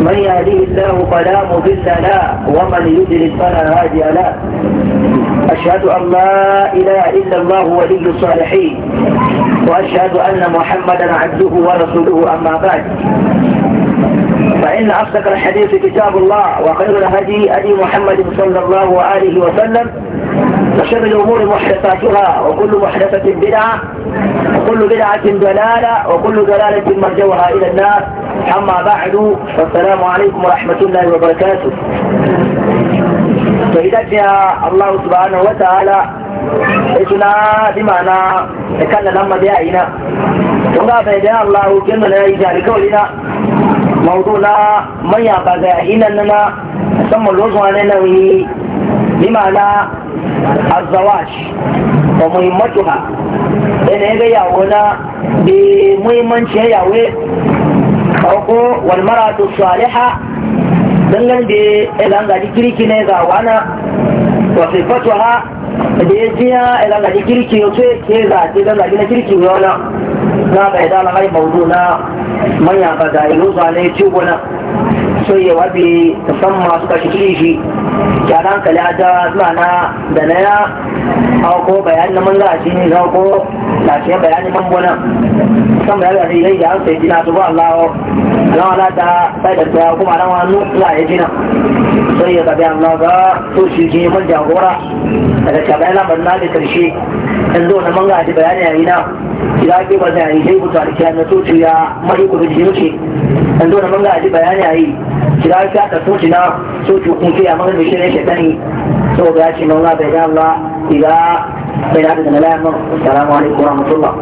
من يهديه الله فلا مضل له ومن يضلل فلا هادي له أشهد أن لا إله إلا الله ولي الصالحين وأشهد أن محمدا عبده ورسوله أما بعد فإن أصدق الحديث كتاب الله وخير الهدي ابي محمد صلى الله عليه وسلم وشر الأمور محدثاتها وكل محدثة بدعة وكل بدعة ضلالة وكل ضلالة مرجوها إلى النار أما بعد فالسلام عليكم ورحمة الله وبركاته فإذا الله سبحانه وتعالى إتنا بمعنى كان لما بيعينا ونقع فإذا الله كنا لا يجعل كولنا موضوعنا من يعطى زائنا لنا ثم الوزن علينا بمعنى الزواج ومهمتها إن هذا يعونا بمهمة يعوه farko wal maratu salihah nan da ilan ga kirki ne ga wana wa sifatu ha da ya jiya ilan ga kirki ya ce ke za ce dan ga kirki ne wani na ga da lalai mawdu na manya ga da ilu zane ci gona so ya wabi musamman suka shi kiri shi ya nan kala da zuwa na da na ko bayanin na mun za a shi ne sau ko tashe bayanin mambo nan san bayan da rilai da hausa ya jina su ba Allah o alamala ta sai da tsaya kuma ran wani nutsula ya jina sai ya tabi Allah ba, to shi jini mun jagora daga cabe lamarin na da karshe in zo na manga bayani bayanin yayi na ila ke ba zai yi sai ku tsari kiyar na tuci ya mai ku jini ce in zo na manga bayani bayanin yayi kira ka ta tuci na tuci kun fiya mun da shi ne shekani سوف يأتي من الله بإذن الله إذا بين عدد لا السلام عليكم ورحمة الله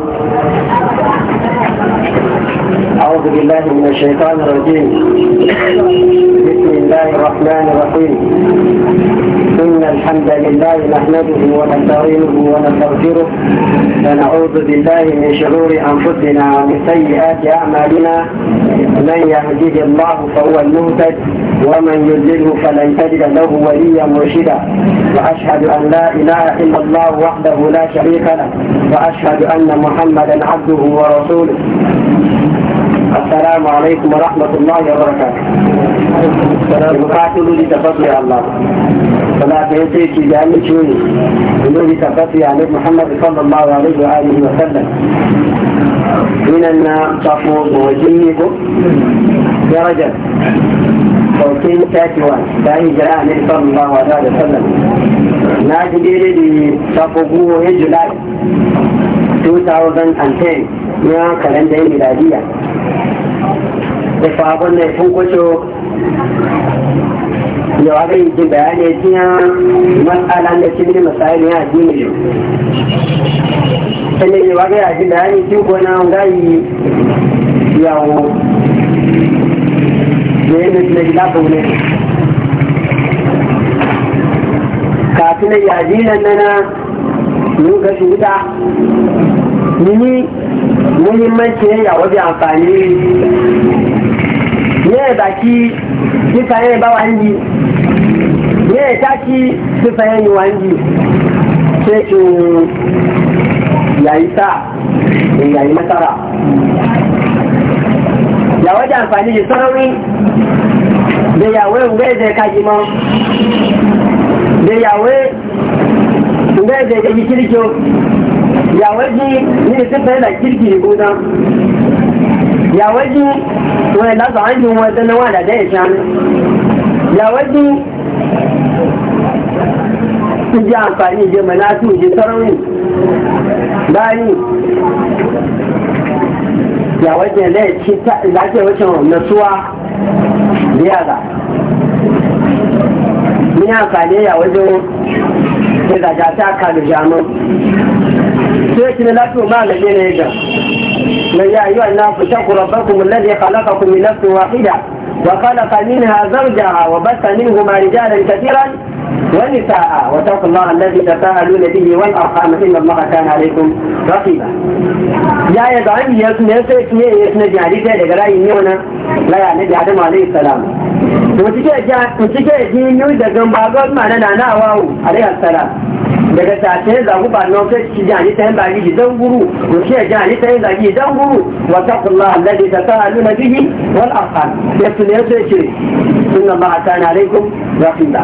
أعوذ بالله من الشيطان الرجيم بسم الله الرحمن الرحيم إن الحمد لله نحمده ونستعينه ونستغفره ونعوذ بالله من شرور أنفسنا ومن سيئات أعمالنا من يهده الله فهو المهتد ومن يضلله فلن تجد له وليا مرشدا وأشهد أن لا إله إلا الله وحده وحده لا شريك له وأشهد أن محمدا عبده ورسوله السلام عليكم ورحمة الله وبركاته بقاتلوا لتفضل يا الله صلاة يسيك جامل شوني بنور تفضل يا محمد صلى الله عليه وآله وسلم من النار تفوض وجنكم درجة 1431 bayan jira a nufin sallallahu alaihi da sallam na ji daidai da safo goma ya julai 2010 na kalanda yin miladiya da sabon na sun kwacho da wa bai ji bayani ya tiya matsala da cikin misali ya ji ne sannan da wa bai ji bayani cikin gona gayi yawo yayin da suna gida ko ne kafin yaji nan nana mun ga shi wuta nini muhimmanci ya wajen amfani ne baki kisa ne ba wani ne taki kisa ne wani sai yayi ta yayi masara ya waje amfani da sarari da yawe ngai zai kaji ma da yawe ngai zai kaji kirkiyo ya waje ne sun fara da kirki gona ya waje wani lasa hanyar wata na wada da ya shanu ya waje sun ji amfani da manatu da sarari bayan ya wajen da ya ci ta lafiya wajen nasuwa da yara ni ya wajen da zaga ta kalu jamun sai kina lafiya ma na gina ya من يا أيها الناس اتقوا ربكم الذي خلقكم من نفس واحدة وخلق wa زوجها وبث منهما رجالا كثيرا والنساء واتقوا الله الذي تساءلون به والارحام ان الله كان عليكم رقيبا يا يدعي يسنسك يسنج عليك لغراي نيونا لا يعني ادم عليه السلام وتجي جا وتجي جي نيو دغن باغوت معنا نانا واو عليه السلام daga tace zagu ba no ke ki jani ta ba ni dan guru ko ki jani ta ba ni dan guru wa taqullaha alladhi tasaluna bihi wal arham ya tuni ya ce inna ma atana alaikum rahimda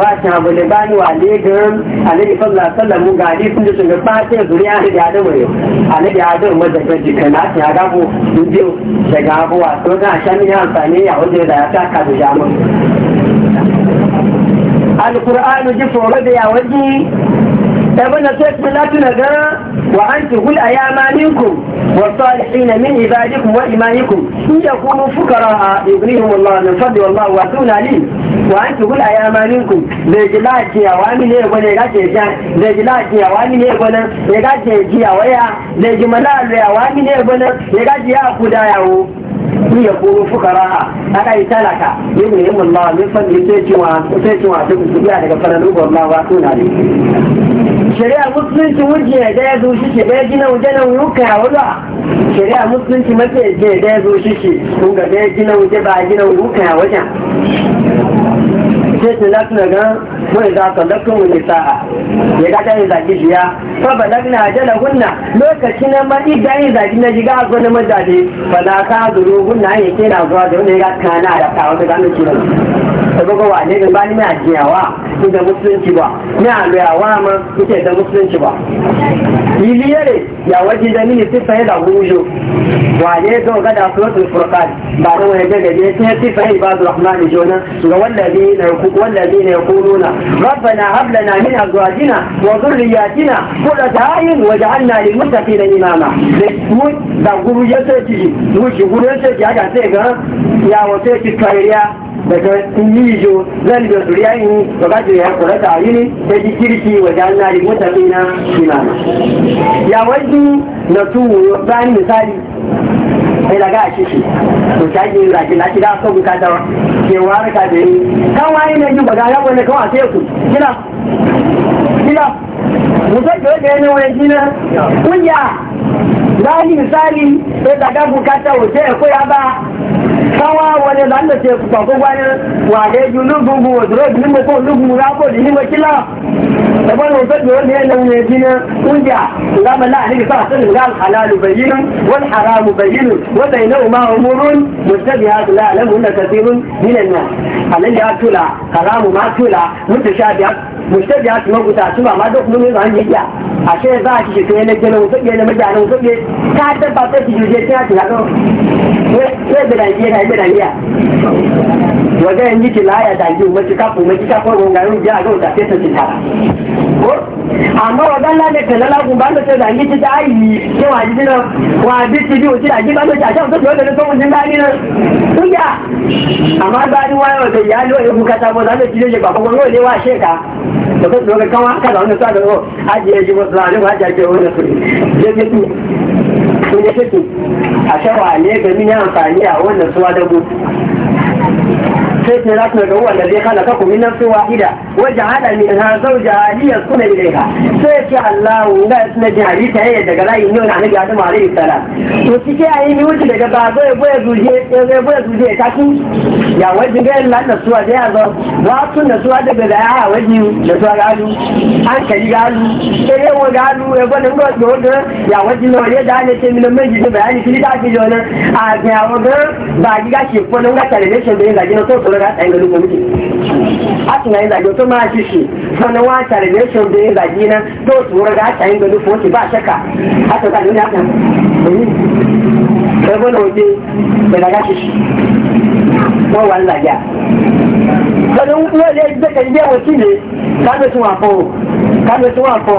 wa ta bale bani wa le gan alayhi sallallahu alaihi wasallam ga ni sun ji ga ba ce zuriya da da alayhi ya mu alaihi ke madaka kana ya ga ko biyo daga abuwa to ga shan ya amfani ya wuce da ya ka da jama'a alkur'anu ji tsoro da ya waje wa سيد بلاتنا قال وأن تقول أيامانكم والصالحين من عبادكم وإيمانكم إن يكونوا فقراء يغنيهم الله من فضل والله واسون عليم وأن تقول أيامانكم بجلاك يا وامن إيه ولا يغاك بجلاك يا ويا بجملال يا وامن إيه ولا يغاك in ya kuru fukara a kai talaka yin ne yin Allah min fadli sai cewa sai cewa daga fara rubar ma wa ne shari'a musulunci wuce da ya zo shi ke ya gina wuce nan wuka wala shari'a musulunci mace ce da ya zo shi ke kun ga da ya gina wuce ba gina wuka wajen sai su lafi na gan wani za ka lafi wani sa'a ya ga ta yin zaki shiya fa ba lafi na ajala hunna lokaci na ma idda yin zaki na shiga a gwani mazaje ba na ka zuru hunna ya na zuwa da wani ya kana da kawo da gano ciwon tabaga wane da ba ni na jiyawa ni da musulunci ba ni a luyawa ma nike da musulunci ba iliyare ya waje da mini sifa ya da gujo wane ga gada suratul furqan ba da wani daga ne sai sifa ya ibadu rahmani jona ga wallazina yakubu wallazina yaquluna rabbana hab lana min azwajina wa dhurriyyatina qurrata a'yun waj'alna lil muttaqina imama da guru ya sai ci guru ya sai ya ga sai ga ya wace ki kariya daga jo. zan da zuriya yi ba ga ya kula da yini da ji kirki wa janna da mutaqina imama ya wadi na tu bani misali sai daga a kishi to ta ji raki na da aka buka da ke warka da yi kan wani ne ji ba ga ya wani kawai sai ku kila kila mùsọ́jọ́ ẹgbẹ̀ ẹni wọn jíná kúnyà láàrín ìsáàrí ẹgbàgá bukata òjẹ́ ẹ̀kọ́ ya bá káwà wọlé lálẹ́sẹ̀ pàkó wáyé wà lẹ́jú lógúngun òdúró ìdílé mọ́kó ko rápò ìdílé mọ́kílá لما نوصل يقول لي لو نجينا ونجع لا ما لا عليك صح قال الحلال بين والحرام بين وبينهما امور مشتبهات لا يعلمهن كثير من الناس الذي اكل حرام ما اكل متشابهات مشتبهات ما قلت اسمع ما دوك من عن جيا عشان ذاك شيء كان لنا وصل لنا مجا انا وصل لي كاتب بابتي جيتي هذا وين بدا يجي هذا يا wọ́n yẹn ní kìlá ayàdà yìí wọ́n ti kápò wọ́n ti kápò wọn gàrí ìjà àgbà òtà tẹ́tọ̀ ta. àmọ́ ọ̀gá ńlá ní kẹ̀lẹ́ lágùn bá ló ṣe rà ní títà yìí tí wọ́n àdí sínú wọ́n àdí ti bí òtí àdí bá ló ṣe àṣà òtútù ọ̀dọ̀ tó ń bá nínú. ó yà àmọ́ agbá ní wáyà ọ̀dọ̀ ìyá ló ewu kata bọ̀ lálẹ́ ti lè ṣe pàpọ̀ wọn lè wá ṣe ká lọ́kọ̀ tó kàn wá kàdà ọ̀nà sọ́dọ̀ ọ̀ ajé ẹ̀jẹ̀ wọ́n sọ̀rọ̀ àdéhùn ajé ẹ̀jẹ̀ wọ́n sọ̀rọ̀ sun ya fito a shawa ne ga min amfani a wannan suwa dago sai na kuma ga wanda zai kana kaku min nafsi wahida wa ja'ala minha zawjaha liyaskuna ilayha sai ce Allahu ga suna jari ta yayin daga layin ne na annabi Adam alaihi salam to kike ayi ni wuce daga ba zai boye zuje ya zai boye zuje ta ku ya wajin ga Allah da suwa da ya zo wa tun da suwa daga da ya waji da suwa ga alu an kai ga alu sai yawa ga alu ya gwanin ga ga ya waji na ya da ne ce min mai ji bayani kili da ke jona a ga wa ba ga shi ko nan ga tare ne shi da ga jina to lọ́dá ẹ̀yìn lórí kòmìtì. a ti na ìdàgbé tó máa ṣe ṣe fún ni wọ́n á tàrí lè ṣe obìnrin ìdàgbé iná tó tù wọ́n rẹ̀ àtà ẹ̀yìn lórí fòótì bá ṣẹ́kà àtọ́ka lórí àkàn. ẹgbẹ́ náà dé ìdàgbà ṣe ṣe wọ́n wà ń làjà. ọ̀dọ̀ wọ́n lè ne. kada su wa ko kada su wa ko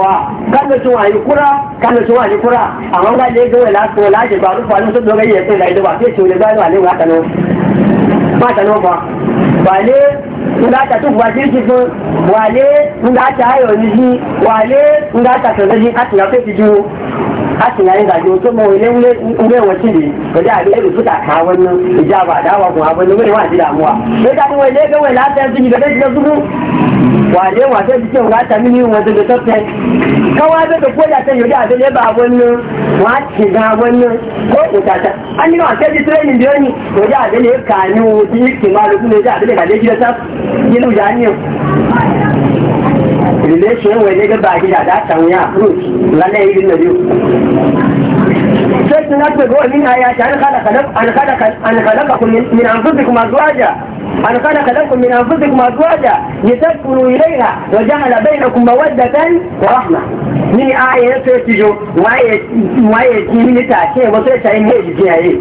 kada su wa yukura kada su wa yukura amma ga le gawe la ko la je ba ru fa su do ga ko la ido ba ke su le ga wa le wa kanu ma kanu ba ba le nga ta tu ji ji ko wa le nga ta ayo ni ji wa le nga ta to ji ati na pe ti ju ati na ga ju to mo le le nge wa ti ni ko da le ru futa ka wannan ijaba da wa ko abun ne wa ji damuwa sai ka ni wa le gawe la ta ji ga ji da wale wasa cikin wata mini wata da tafiya kawa da ta koda ta yi da da ba wani wace ga wani ko utata an yi wasa ji training biyo ko da da ne kani wuti kimalu ne da da kaje da ta yilu da ni relation wai ne ga ba gida da ta wuya approach lalle yi da biyu sai tunatu go ya ayati an khalaqa an khalaqa an khalaqa min zuwa azwaja an kana kada ku min anfusikum ma zuwaja ni takulu ilaiha wa ja'ala bainakum mawaddatan wa rahma ni aya ya ce ki jo waye waye ki ni ta ce sai ta yi ne ji ya yi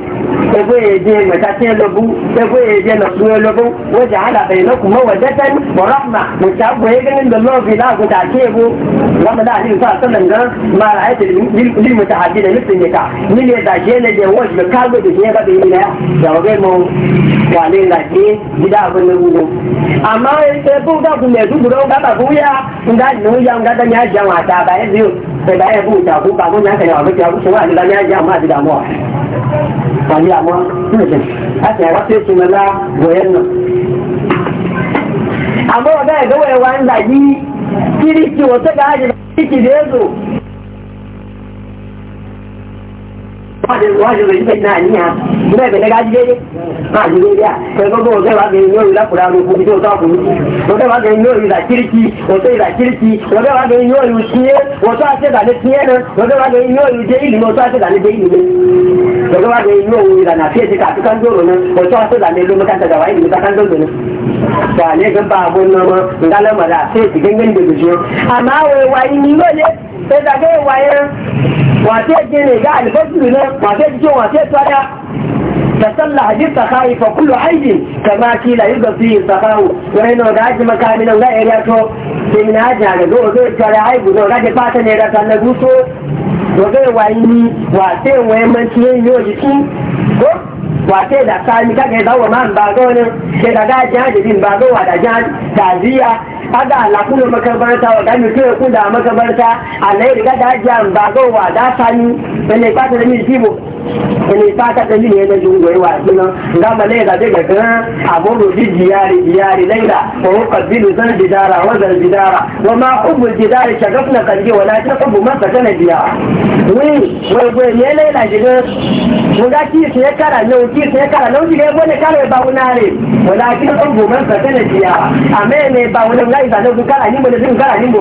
ko ko ye je ta ce lobu ko ko ye je na suwe lobu wa ja'ala bainakum mawaddatan wa rahma mu ta bo ye ganin da lobu da ku ta ce bu wa ma da ni sa sallan ga ma ra'ayta lil mutahaddida mithlika ka ni ne da je ne je wa ka go da je ba da ni ya ga ga mu wa ne da je gida abin da gudu amma da gudu ga ba buya inda ya da ya jama ta ba ya biyo da ya ku ba mun ya kai wa ku shi da ya jama da mu ba ya mu a ta la goyen nan amma ga ga wai wanda yi kiriki wata ga haji kiriki da yazo wájú rẹ̀ níbẹ̀ náà ba ga babun nama sai gangan da amma wai wani ne sai da gai wayan wace gine ga albasiru ne wace jikin fa kullu aibin kama kila yi ga fiye sakau wani da ga haji makami nan ga area to sai na haji a gazo da tsare haibu na da fata ne rasa na guso wazo wayi ni wace wayan manci yin yau jiki ko wate da sani kake dawo man bago ne ke daga jaji din wa da jaji taziya aga Allah kuma makabarta wa gami to ku da makabarta Allah ya riga da jaji bago wa da sani bane ka da min jibo ta ne ẹni pátá tẹ́lẹ̀ yẹn lẹ́yìn oúnjẹ ìwà dai da ko lẹ́yìn ìdájọ́ gẹ̀gẹ́rán àbúrò sí jìyàrí jìyàrí lẹ́yìn òun kàbí lùsán jìdára wọ́n zẹ̀rẹ̀ jìdára wọ́n máa kóbù jìdára ṣàgọ́fúnà kàdíyẹ wọ́n láti kóbù má sàkẹ́nà jìyà ne wẹ̀gbẹ̀ yẹn lẹ́yìn mu ga ki sai kara ne ki sai kara ne ji gaya bane kare ba wuna ne wala ki na ɗan gobe sa biya amene ba mai ne ba ne ga kara ni mu ne zin kara ni mu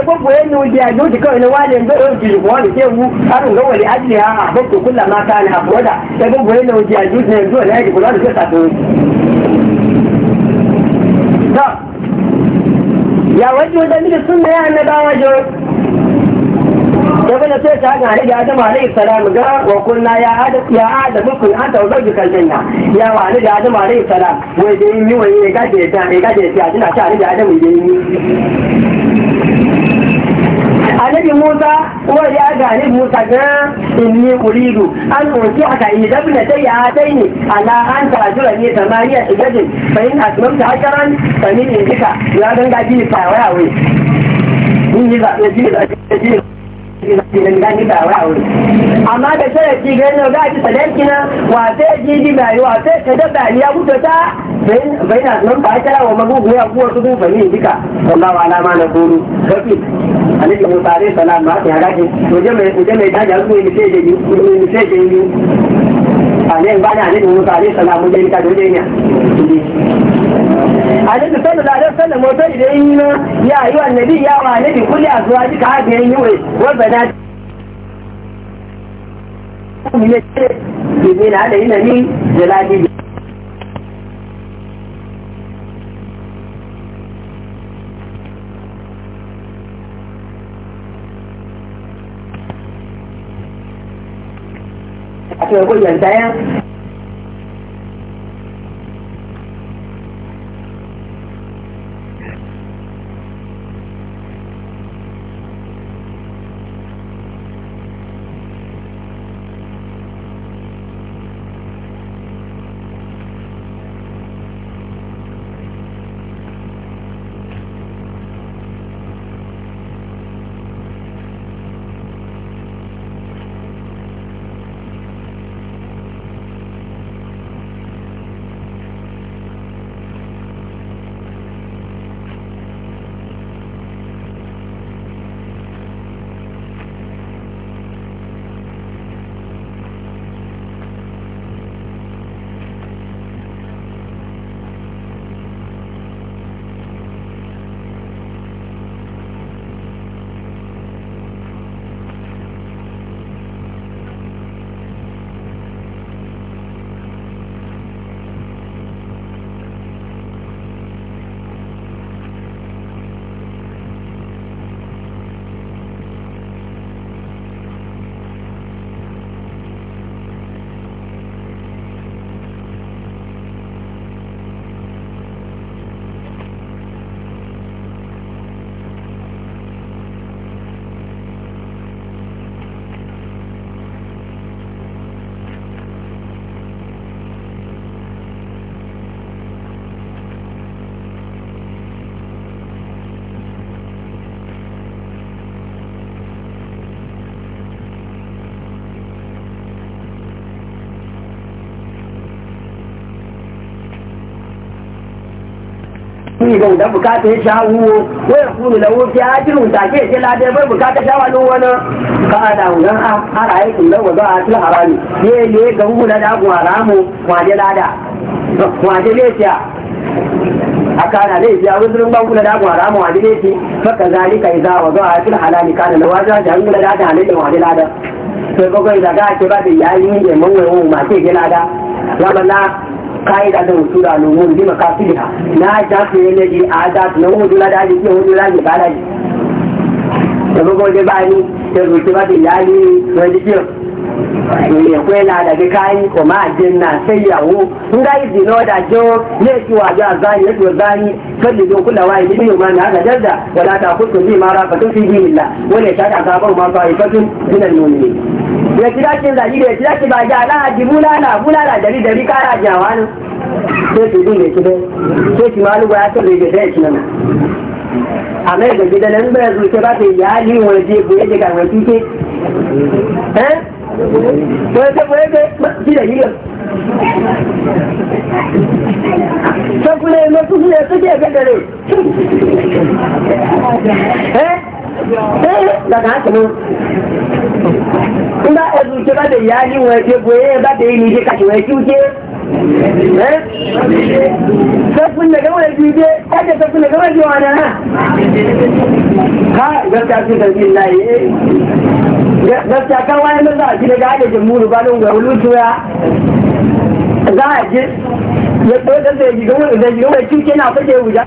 gbogbo yadda wuce a joji kawai na wale zai yau jiri da ke wu harin ga wani ajiye a abubuwa kula mata ne a koda ta gbogbo yadda wuce a joji na yanzu wani ajiye kula da ke sata wuce. ya wajen da sun na yi annabawa jo kaga da sai ka ga a da Adam alayhi salam ga wa kunna ya Adam ya Adam kun an ta zauki kan janna ya wa ne da Adam alayhi salam wai dai ni wai ne kaje ta ne kaje ta ina yi ne da Adam dai ni annabi Musa wa ya ga ne Musa ga inni uridu an uti aka yi da bin da ya taini ala an ta jira ne a tijadin fa in asmamta hakaran fa min indika ya danga ji fa wa wai ni ni da ji da ji amma da sharafi ganin ga ci sadarki na wata ji ji bayi wata bayi ya ta bai na nan ba ta wa magugu ya kuwa su gufa alama na musa salam ma ta gaji waje mai mai daji alku ne sai da yi ne sai musa salam dole ne hadisi da alaihi wasallam wato idan yi na ya yi wa nabi ya wa nabi kulli duka haka yi wa ne ne na da ni da ladi a kun ga da bukata ya shawo ko ya da lawo a jirun ta ke ce lade bai bukata shawa lu wani ka da wannan ara yi kun lawa za a cikin harami ne ne ga hu da dagu haramu waje lada waje lefiya aka na laifi a wuzurin ban kula da abu haramu waje laifi faka zalika idza wa za a til halali kana da waje da kula da da halin waje lada sai bakwai da ce ba da yayi ne mun wai mu ma ke lada ya balla kaida da usura no mun bi ha, na ja ke ne di ada na mun dula da ji mun dula da ba da ji da go go de ba ni ba de ya ni ìyẹ̀kọ́ náà dàbí káyí kò máa jẹ náà ṣe ìyàwó ńgá ìdì náà dájọ́ léèkì wà jọ àzáyé ètò ìzáyé fẹ́lẹ̀ ló kúlẹ̀ wáyé nínú ìwọ̀n náà àgàjẹ́dà wọ̀lá àtàkùtò ní ìmára pẹ̀tọ́ sí ìdí ìlà wọ́n lè ṣáàkà sábọ̀ máa fa ìfẹ́tù nílẹ̀ nìyí. Yẹ̀kí dákì ń làyí yẹ̀kí dákì bàjẹ́ aláàjì búlálà búlálà dẹ̀rí dẹ̀rí kára àwọn bẹ́ẹ̀? máa lúgbọ́ lẹ́nu ṣe bá yà á ní ìwọ̀n ẹ̀dí egbò kàwé kíké. puede ser, puede ne mira, mira. Só que Eh, daga haka in ba a zuke ba eh? e da goye ba da yi nije kyuke kyuke ha gaskiya sun karfi gaskiya kan wani za a ji daga ba don tuya za a ji ya zai kyuke na fage wuja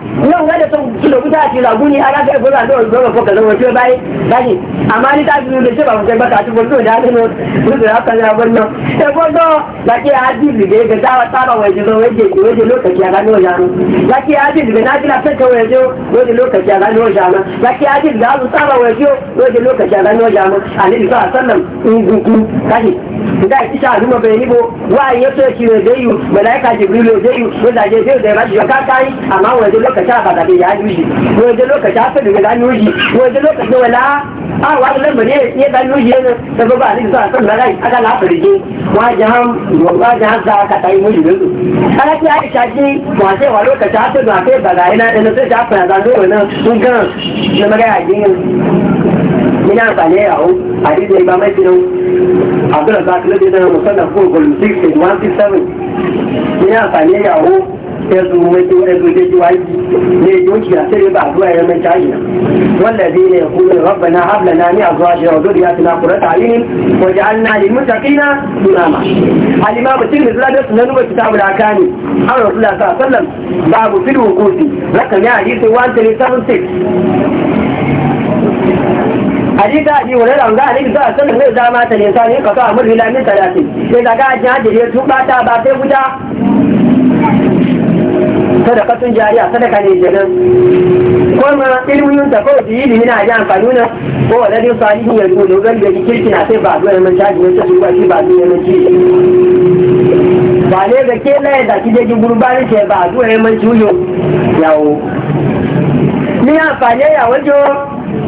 náà wọ́n lè tó kìlọ̀ kúta àti làgún ní alága ìgbóná lọ́wọ́ ìgbóná baka lọ́wọ́ tí ó báyìí báyìí àmọ́ aka táàbí lè ṣe bàbá ìgbàta àti gbogbo ìdá nínú gbogbo ìdá kan náà bọ́nà ẹ̀fọ́ náà láti àádì ìlùgbé ẹgbẹ́ táwọn táwọn wọ̀ ẹ̀jẹ̀ lọ́wọ́ ẹ̀jẹ̀ ìwé ẹ̀jẹ̀ lókàkì àlá ní ọ̀yà lokaci àádì ìlùgbé náà kíra fẹ́ kẹwọ́ ẹ̀jẹ̀ lóde lókàkì àlá ní ọ̀yà mọ́ láti àádì ìlùgbé àwọn táwọn wọ̀ ẹ̀jẹ̀ lóde ba àlá ní ọ̀yà mọ́ àlẹ́ ìfẹ́ àtọ́nà ngungu káyì nga ìtìṣà àdúmọ̀ bẹ̀rẹ̀ níbo wá yi ìṣirò ẹ̀jẹ̀ yìí mọ̀láyíkà jìbìrì lò ẹ̀jẹ̀ ba lọ́dà jẹ́ ẹ̀jẹ̀ ìdẹ̀rẹ̀ bá jù lokaci a bada ya yi shi lokaci a sadu ga zanu shi lokaci wala a wa da ne ya da ba ba ne sa san da rai aka na farje wajen han wajen za ka ne ana ki ji wa sai wa lokaci sai fara ga na magana ina a ba mai abdul zakir da ina ẹzùn mẹjọ ẹzùn jẹjọ ayé lè yóò ṣe àṣẹyẹ bá àdúrà ẹrẹ mẹjọ ayé wọn lẹbi ilẹ ẹkú lè rọgbẹ náà hábìlẹ náà ní àgọ àṣẹ ọdọ ìyá ti náà kúrẹ tààrí ní ọjà náà lè mú takínà ìlànà alima bàtí ní ìlànà tó nánú bàtí tá àbúrà ká ní àwọn òṣèlú àti àṣẹlẹm bá a bù fi wò kó sí one three seven six. a zama sai daga ajiyar da ba sai wuta sadakatun jariya sadaka ne kenan kuma ilimin ta kawai da ilimi na ji amfani na ko wa ladin salihin ya zo dogon da kirki na sai ba zuwa man caji wata su kwashi ba zuwa man ci ba ne ga ke laye da kije ji gurbani ke ba zuwa man ciwo yawo ni amfani ya wajo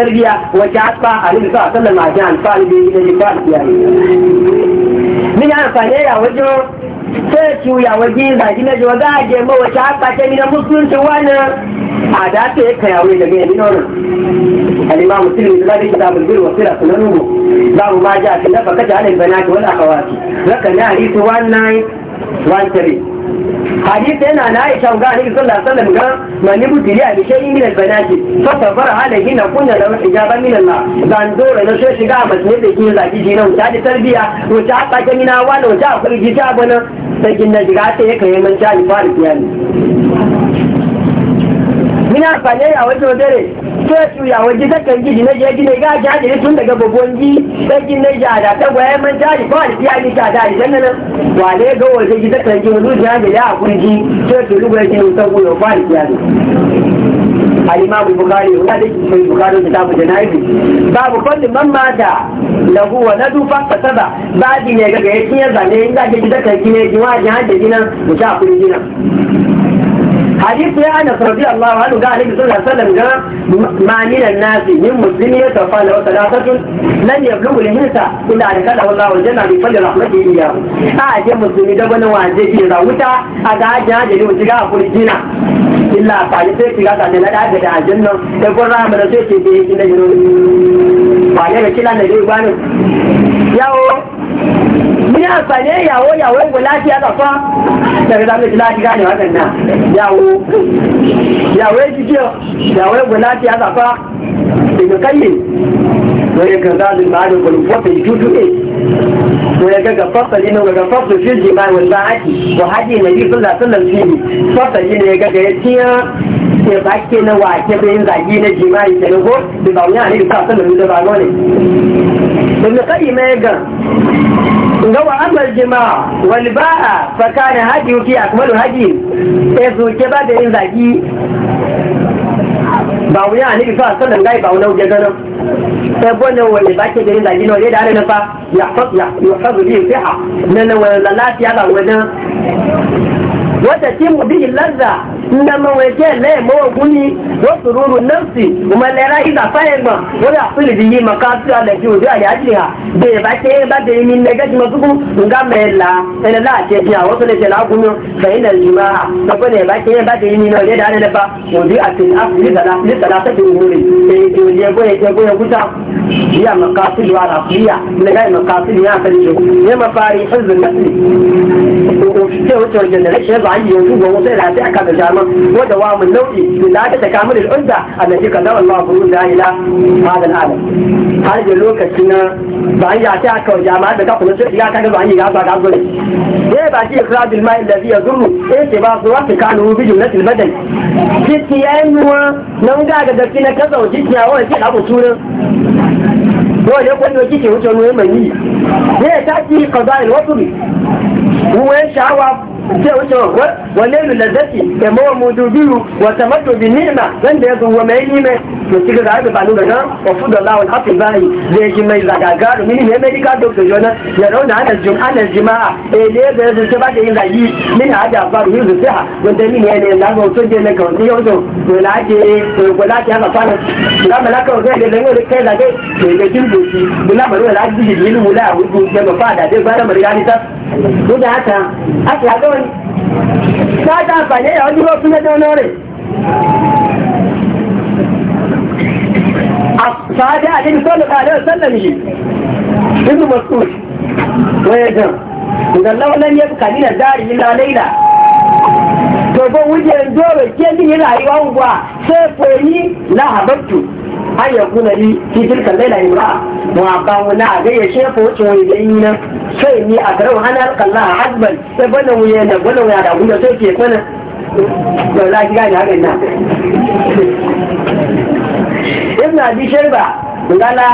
tarbiya wace asba a rin sa sallan ma ji amfani da yi da ji kwaɗi yayi min amfani ya wajen sai ciwo ya waje za zagi na jiwa gaje ma wace asba ta na musulunci wani a da ta yi kayawai daga yanzu nonon alima musulmi da zai kita bulbul wasu da sunan mu za mu ma ji a cikin dafa kace halin banaki wani akawati zaka na harisu wannan wantare hadith yana na aisha ga ni sallallahu alaihi wasallam ga mani butili a bishe min al banati fa safara alaihi na kunna lahu hijaban min Allah dan dole na sai shiga masjid da kin zaki ji na wuta da tarbiya wuta aka ga mina wala wuta akwai ji ta bana sai kin da jiga ta yake yayin ta alfar kiyani ina amfani a wajen wadare cocu ya wajen takan gidi na jeji ne ga jajiri tun daga babban gi ɗakin na jada ta gwaya man jari ba da fiya ni jada idan nan wale ga wajen gidi takan gidi wani zuciya da ya kurji cocu rubu ya ce wutan gudu ba da fiya الإمام البخاري وذلك في البخاري كتاب الجنائز باب كل من مات له ولد فاكتسب بعد ما يجي يزعل إن ذاك جدك يجي يجي واجه عند جنا مشاكل جنا حديث يا أنس رضي الله عنه قال عليه الصلاة والسلام قال ما من الناس من مسلم يتفعل وثلاثة لن يبلغ الهنسة إلا أن كله الله الجنة بفضل رحمته إياه أعجى مسلم دبنا وعجى في راوتا أتعجى أجل وتقع فرجنا إلا فعلتك تقع تعجل أجل الجنة تقول رحمة سيتي بإذن الله فعلتك لأن يجب yawo mun amfani yawo yawo ko lafiya aka fa da daga zamu ji lafiya ne wannan na yawo yawo ji ji yawo ko lafiya da fa ga kai wani da zazin ba da kulfotin tutuɗe wani ga gafafa ne na gafafa fi jima'i wani ba'aki wa haɗe na biyu sun zasu lamfi ne fasa ne ga ga ya tiya ke ba ke na wake bayan zagi na jima'i kenan ko da ba wani a ne da sa sanar da ba ne ibn qayyim ya ga ga wa amal jima wal ba'a fa kana hadi fi akmalu hadi sai su ke ba da yin zaki ba wuya ne bi fa sallan gai ba wuna wajen ganin sai bonne wani ba ke garin zaki ne da ana nafa ya fa ya fa bi fiha nan wala lafiya ba wajen wata timu bihi lazza na mawaje le mo guni wa sururu nafsi kuma iza faye gba ya fili bihi makasi ala ji ojo ali aji ha de ne la gumi fa ina lima to ko ne ba ke da ne ba ojo ati afili da la afili da la ta shi ya makasir wa na fiya na gai makasir ya san shi ne ma fari fazin da su ko ko shi ce wata wajen da rashin yanzu an yi yanzu ba wata yana sai aka da jami'a ko da wamin nau'i da za ka taka mu da unda a da shika zama ba ku da ila ma da al'ada har da lokaci na ba an yi a sai aka wajen jami'a da ka kula sai ya ka ga ba an yi gasa ga gole ne ba shi ikra bil ma'il da biya zurnu ce ba su wa ta kanu bi jumlatil badal kiti yayin nuwa nan ga ga da kina ka zauki kiyawa ki da abu wọ́n kwallo kike wuce ruwan mai yi ne ta ki kaza ilwaturi ruwan sha'awa sai wuce wa wale lu lazati da mawa biyu wa tamattu bi ni'ma dan da yazo wa mai nime to kiga da haka banu daga wa fudu Allah hafi zai ji mai zagaga da mini ne jona ya rauna ana jum'ana jima'a eh ne ba da yin zagi min hada faru yuzu wanda mini ne je yau to ko haka fara malaka wa zai da kai to jin doki bula maru ji ji ni mula hudu ta da haka wani ta ta amfani da wani wasu na donore a sahabi a cikin sallallahu alaihi wasallam shi ibnu mas'ud waya dan idan law lam yabqa Togo wuje dole ke ni yi rayuwa uwa sai koyi na habattu an ya kuna yi titin kan laila imra mu abba wuna a ya she ko to yi dai nan sai ni a garau hana Allah a sai bana wuye na bana wuya da wuya sai ke kana da la ki gani hakan na. ina Abi Shaiba lala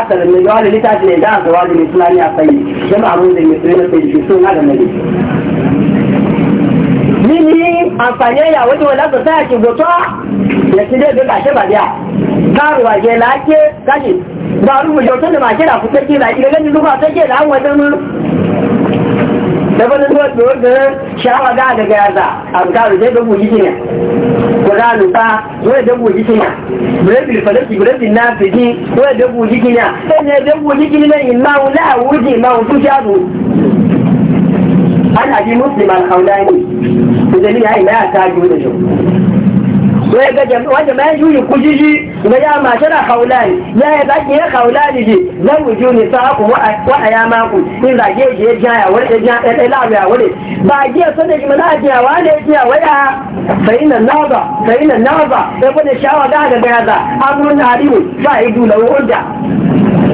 asalin mai gawa da littafi ne da a gawa da mai tunani a sai jama'a mun da mai tunani sai shi na da ne níbi àǹfààní ẹ̀yàwó tí wọ́n lágbọ̀n sáyà a gbòtọ́ ẹ̀sìn a gbégbà ṣẹ́ a à káàrùwà jẹ láàájẹ́ káṣì gba orúgbòjọ ta lè máa ṣẹ́ làkú pé kí ìlà ìrẹ́lẹ́ ní lókọ̀ àtẹ́jẹ́ láwọn ẹgbẹ́ mú lẹ́gbọ́n lọ́gbọ́n tó gẹ́rẹ́ ṣàwà gáà gẹ́gẹ́ àzà àbùkárù jẹ́ gbogbo yìí yẹn kọ̀dá lùpá wọ́n ẹ̀dẹ́gbò yíkíyà bẹ̀rẹ̀bì fẹ̀lẹ́sì bẹ̀rẹ̀bì náà fèdí wọ́n ẹ̀dẹ́gbò yíkíyà ẹni ẹ̀dẹ́gbò yíkíyà lẹ́yìn máa a láàwúdì máa ń fújá bù an abi muslim al-khawlani to dalili ya ina ta ji da shi to ya ga wanda mai juyi kujiji ga ya ma tana khawlani ya yi zaki ya khawlani ji zan wuju ni sa ku wa ayama ku in zage je jaya wa da jaya da la ya wani ba a ji so da ji mana ji wa ne ji wa ya bayin naza bayin naza sai ko da shawa da ga gaza amrun alimu fa idu lawu unda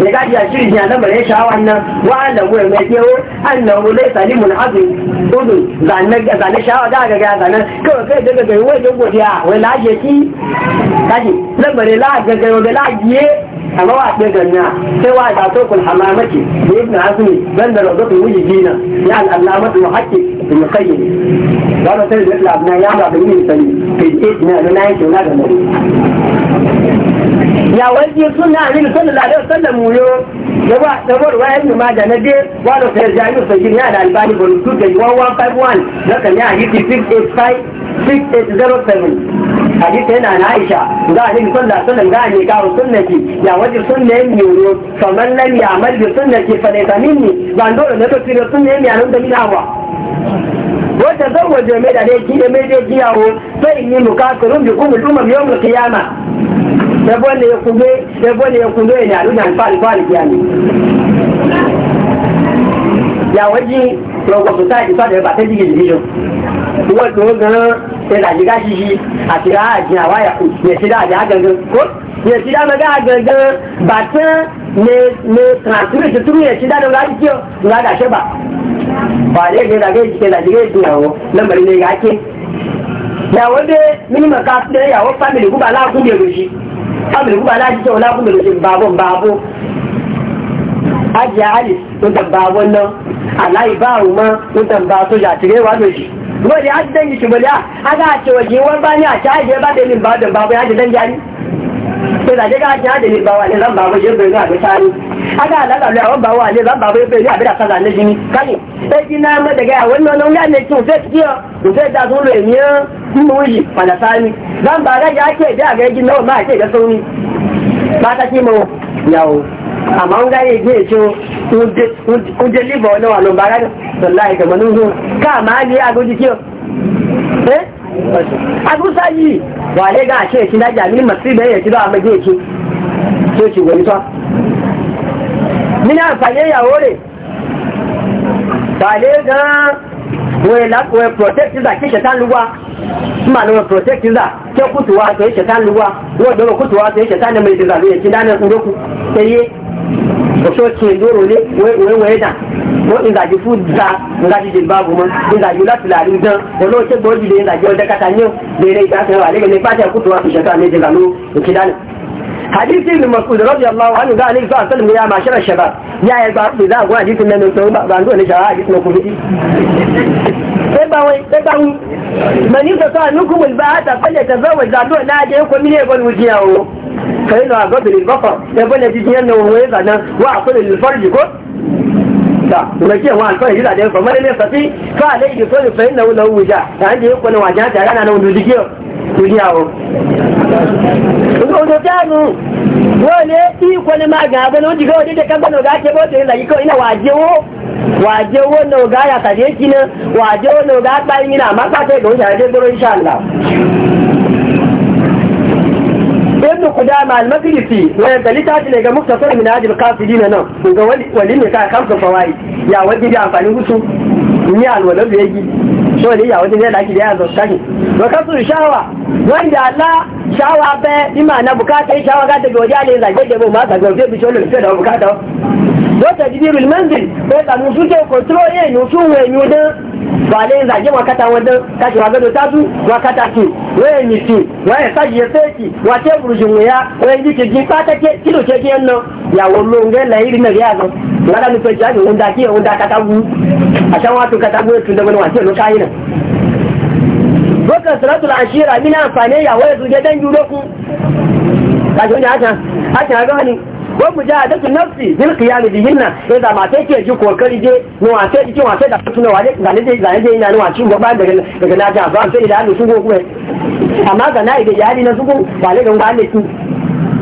da gaji a shirin jiya lamar ya sha wannan wa'anda wurin mai kewo an na wule salimun azin udu zane shawa da ga gaza nan kawai kai daga gari wai don godiya wai laje ki kaji lamar ya laje gari wai laje amma wa ɗaya ganna sai wa ta sokul hamamaki da ibn azumi ban da razatul wujidina ya al'allamatu wa haqqi ابن القيم قالوا سيد مثل ابناء يعمل بن سليم في الاثنين من ناحيه ولاد النبي ya ji suna yin sallallahu alaihi wasallam muyo da ba da ba wa yin ma da na je wa da sayar jami'u sai yin yana albani bari su da 1151 da kan ya hadisi 685 6807 hadisi yana na Aisha a yi sallallahu alaihi wasallam ga yi kawo ya waje sunnan muyo faman lam ya'mal bi fa ban dole da mina wa wata zawaje mai da ne ki da mai da sai ni mukasirun bi umul umam mu kiyama. ẹgbọ́n lè kúndé ẹgbọ́n lè kúndé ẹ̀yà lójà nípa nípa nìkí àná. ìyàwó jí lọ́gbọ̀n tó táyì nípa ìdẹ̀rẹ̀ bàtẹ́ dìgì nìyí lọ. wọ́n tó ne tun amir kuma na jita wala kuma lojin babon babo ajiya ali wutan babon nan alayi ba ma wutan ba soja tire wa doshi wani ya dangi shi bali a aga a ce waje wani bani a ci ajiye ba da yin babon babo ya ji dangi ani sai da ga ja da ne ba wa ne zan ba ba aka da da lawa ba wa ne zan ba bai bai abin da kaza ne jini kani sai kina ma daga ya wannan nan ki ki da zo le ne mu wuji fala tani zan ba ga ja ma ke da sauni ba ta ki mu amma ga ne je ce ku je liba wannan wannan ba ka ma ki agusa yi wa ne ga ce shi na jami masu da ya ci da amma ke ta mini ya wore ba ne ga wai protect da ke luwa kuma ne protect da ke kutuwa ta yi shetan luwa kutuwa ta yi shetan da mai da zalu ya ci ku sai yi ko so ke doro ne da ko nga ji fu da nga ji den babu ma nga ji la la ri dan ko lo se bo ji le nga ji o de kata nyu le re ta se wa le ne pa ta ku to wa ne je ga lu ki dan hadith ibn mas'ud radiyallahu anhu da ali sallallahu alaihi wa sallam ya shabab ya ya ba da go hadith ne ne to ba ba ndo ne sha hadith ne ba wai sai ba mani da ta nuku mul ba ta fa ya tazawwa da do na je ko mine gon wujiya o kai na gobe ne ba fa sai ba a ji ne no wa za nan wa akwai ne farji ko الهدى ومشي هو عن فهم الهدى فمن لم يستطيع فعليه بصوم فإنه له وجاء فعندي يقول وجاء تعالى أنا ونزجيه ونزجيه ونزجيه wọ́n ikọ̀ ni máa gàá bẹ́nu jíkọ́ òdíje kẹ́gbẹ́nà ọ̀gá ṣe bó tèrè lẹ́yìn kọ́ iná wà jẹ́ owó wà jẹ́ owó ní ọ̀gá yàtàdé kí ní wà jẹ́ owó ní ọ̀gá pàrí nínú àmápàtẹ́ ìgbòhùn ṣàrẹ́dẹ́gbòrò ìṣàlá ibn qudama al-maqdisi wanda littafi ne ga muktasar min ajil na nan ga wali ne ka kamsa fawaid ya wani da amfani gusu ni alwala da yake so ne ya wata zai daki da ya zo kashi wa kasu shawa wanda ala shawa be ima na bukata shawa ga daga waje ne zage da ma ka gobe bi sholo fe da bukata wata jibiru manzil ko da mu suke control yin yusu we yuda ba ne zage wa kata wanda kashi wa gado tasu wa kata ki we ni ki wa ya saji ya seki wa te burjin mu ya wa yi ki ji fata ke kilo ke ke no ya wallo na a shan wa tun da wani wa ce lo kayi nan baka salatul ashira mina amfani ya waya zuje dan juro ku kaje ne haka haka ga hani ko mu ja mujahadatu nafsi bil qiyam bihinna sai da ma take ke ji kokari je no a sai ji wa sai da tuna wa da ne dai ga ne dai ina wa cin gaba daga daga na ja ba sai da hannu su go ku amma ga na ida yadi na su go ba le ga ba ngale su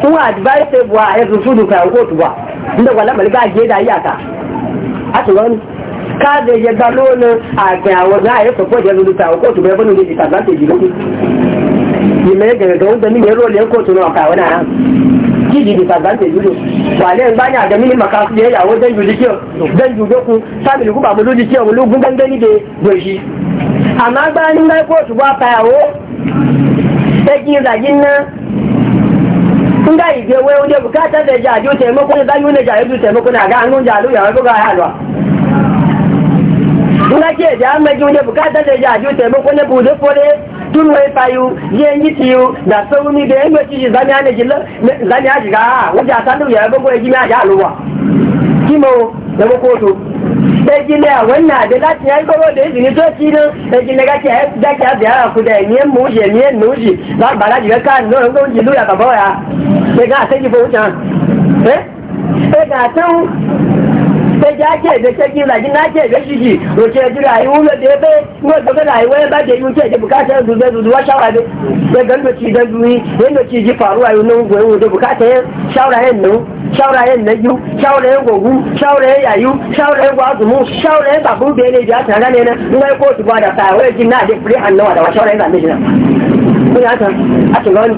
kuma advice buwa ya zuzu kotu ba inda wala malga je da a ti wani ka da ya a ga wanda ya support ya zuzu duka ya kotu bai bani da wanda wani ba ne ba a ga mini ya juji kiyo juge ku ku ba mu juji kiyo da amma ga kotu ba sun ga ije wai wajen bukatar da jajo taimako taimako na ga hannun ya ga ke da amma ji bukatar da taimako na bude fore tun wai fayu yin yi tiyu da sauni da shi zami zami ga wajen asalu ya wato ga a kimo da ẹjìnlẹ̀ àwọn náà ya láti yá gbọ́rọ̀ lè sì ní tó ti ná ẹjìnlẹ̀ gákì àgbẹ̀ àkúdà ẹ̀mí ẹ̀mú òjì ẹ̀mí ẹ̀mú òjì lágbàlá jùlọ káàdì náà ń gbóhùn jìlú yà bàbá wa ẹ̀gá àtẹ́jì fowó tán ẹ̀gá àtẹ́wò sai ya ke da shaki na gina ke da shiki to ke ji rayuwa da ya bai ko daga rayuwa ba da yi ke da bukatar dubbe duwa shawara da ya gando ci da duwi yanda ci ji faruwa yau nan goyon da bukatar shawara yan nan shawara yan nan yi shawara yan gogu shawara yan yayu shawara yan gwazumu shawara yan babu bele da ta gane na in ko su ba da sai wai jin na da free hannawa da shawara yan zame shi na kuna haka a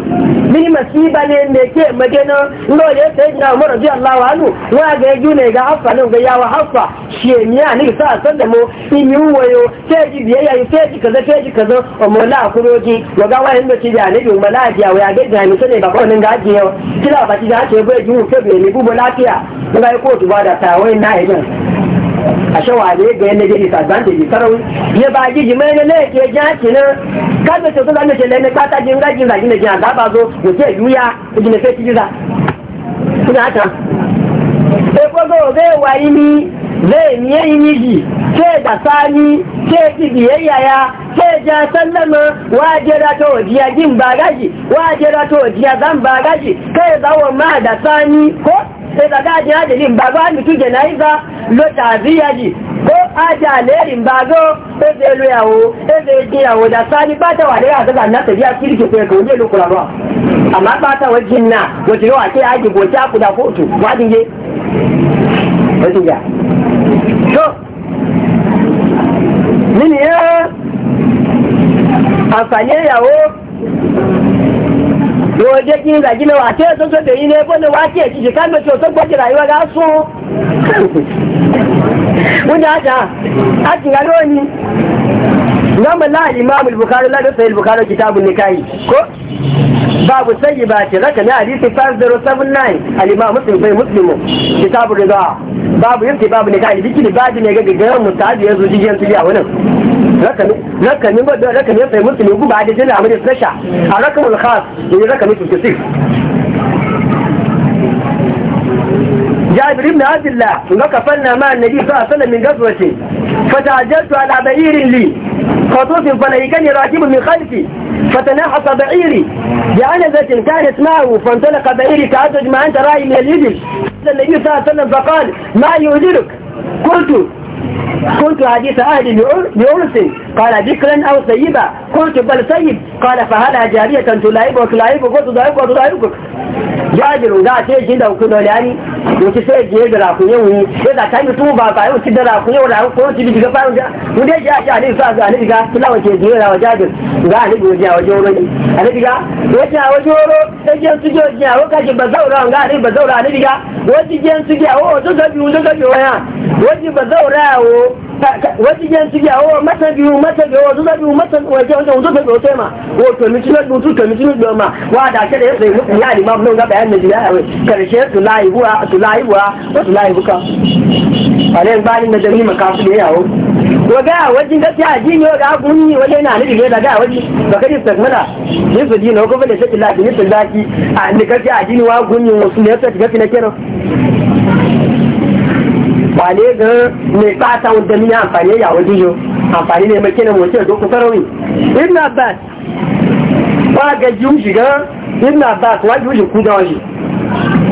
mini masiba ne me ke magana ndo ya sai na umar bi Allah wa wa ga ju ne ga haffa ne ga yawa haffa shi ne ya ni sa san da mu in yi wayo sai ji biyayya yi sai ji kaza sai ji kaza o mu la kuroji wa ga da ci da ne mu la ji wa ga da ni sai ba ko nan ga ji yau kila ba ci da bai ju ke bai ni bu lafiya ga ko tu ba da ta wai na yi a shawale ga yanda je isa zan je karau ya ba ji mai ne ne ke ja ki na kan da to zan ce ne ka ta jin ga jin da jin da zo ko ce yuya jin da sai jiza kuna haka e ko go zai wayi ni zai miye yi miji ke da sani ke ki biyayya ya ke ja sallama wa da to jiya jin bagaji wa jira to jiya zan bagaji kai zawon ma da sani ko sai gaji ajin ajalin ba ba mutu janaiza lo taziyaji ko aja aleri ba zo eze lo yawo eze ji yawo da sani ba ta wale ya zaga na tafiya kirki ko ya kawo lo kurarwa amma ba ta wajen na wajen yawa ke aji ko aku da kotu wajen je wajen ya to nini ya amfani yawo lóòjé kí n wa náà àti so tó tèyí ní ẹgbọ́n ní wá kí ẹ̀ ṣìṣì káàmì tí ó tó gbọ́jì ti gama la imam al-bukhari la sahih al-bukhari kitabun nikahi ko babu sayyibati rakami hadisi 5079 al-imam muslim sai muslimu kitabu rida babu yanti babu nikahi biki babu ne ga gaggaran mutaji yazo jiyan tuya wannan rakami ne rakami ya fahimci ne guba da jina da sasha a rakamin khas ne yi rakami 56 جابر بن عبد الله وقفلنا مع النبي صلى الله عليه وسلم من قصوة فتعجلت على بعير لي خطوط فلهكني راكب من خلفي فتناحص بعيري بعنزة كانت معه فانطلق بعيري تعدد ما أنت رأي من الإبل النبي صلى الله عليه وسلم فقال ما يؤذرك قلت كنت حديث اهلي بأرس قال ذكرا أو سيبا قلت بل سيب قال فهل جارية تلاعبك تلاعبك وتضايقك وتضايقك جاجر تيجي جنده وكذا يعني da Sai òtí fẹ́ jẹ́ dara kò yẹ wòye ṣé dàtà mi tún bàbà yóò ti dara kò yẹ wòye àwọn kò ti di jìgá báyìí wò dé jẹ́ àti àdéhùn fún àgbà àdéhùn kí láwọn jẹ́ a ra ọjà dùn nga àdéhùn òjì àwọn ka ji àdéhùn wọ́n ti àwọn jòrò ẹjẹ́ nsúdì òjì Ba kájí bazawura nga àdéhùn bazawura àdéhùn wọ́n ti jẹ́ nsúdì àwọn òjòjò bí òjòjò bí wọ́n yà ba zau bazawura àwọn wọ́n jẹ́ ti yà ma a wajen gaskiya ne a wajen ba kaje tsakmana ne su dino ko shi su a ni wa wasu ne wale ga mai bata wanda ni amfani ya waje yo amfani ne mai mutum da ga ku da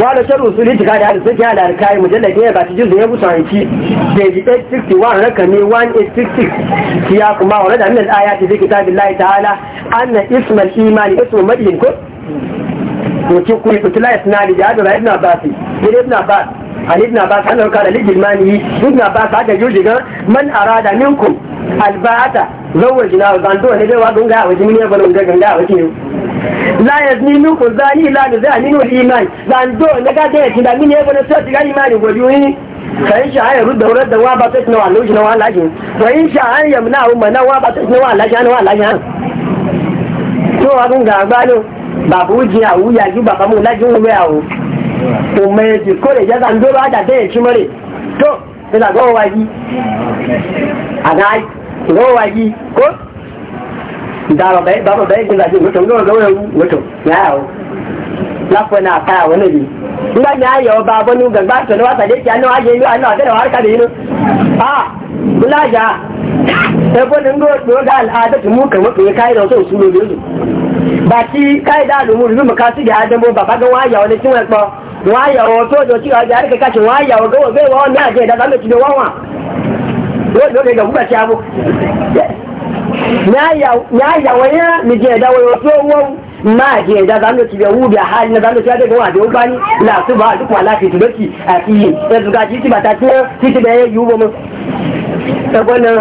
wani da sharu da ya da kai mujallad ne ba ta jin da ya da 861 1866 ya kuma da ta'ala anna ismal imani ismu ko da da da ibn abbas ibn abbas an ibn abbas annahu kana li jilmani ibn abbas haka yuji ga man arada minkum alba'ata zawajna wa zando ne da wadun ga wajen ne ba da ganga wajen la yazni minkum zani la zani nul iman zando ne ga da tinda min ne ba da sai ga imani gojuyi فإن شاء يرد ورد وابا تسنى وعلوش نوع العجن وإن شاء يمنع منا وابا تسنى وعلجان وعلجان تو أبن غابالو بابوجي أو يجي بابا مولاجي ويأو umeji kore ya zando ba da dai shi to ina ga waji a ga waji ko da ba bai ba bai da ji mutum ga ga mutum ya yawo lafa na ka wani ne ina ne ayo ba ba nu ga ba to wata dai ya no aje yi Allah wa harka da yino a kula ja sai ko nin go ga al'ada mu k'a kai da so su ne ba ki kai da mu mu ka su ga adamu ba ba ga waya wani kin wa wayawa to da cewa da harka kace wayawa ga wai wa wanda ake da zama cikin wawa dole dole ga kuma ci abu ya ya waya mi je da wayo to wau ma je da zama cikin wu da hali na zama cikin da wa da ubani la su ba duk wala ke tudoki a fi da zuga ji ti bata ti ti da ubo mu ta gona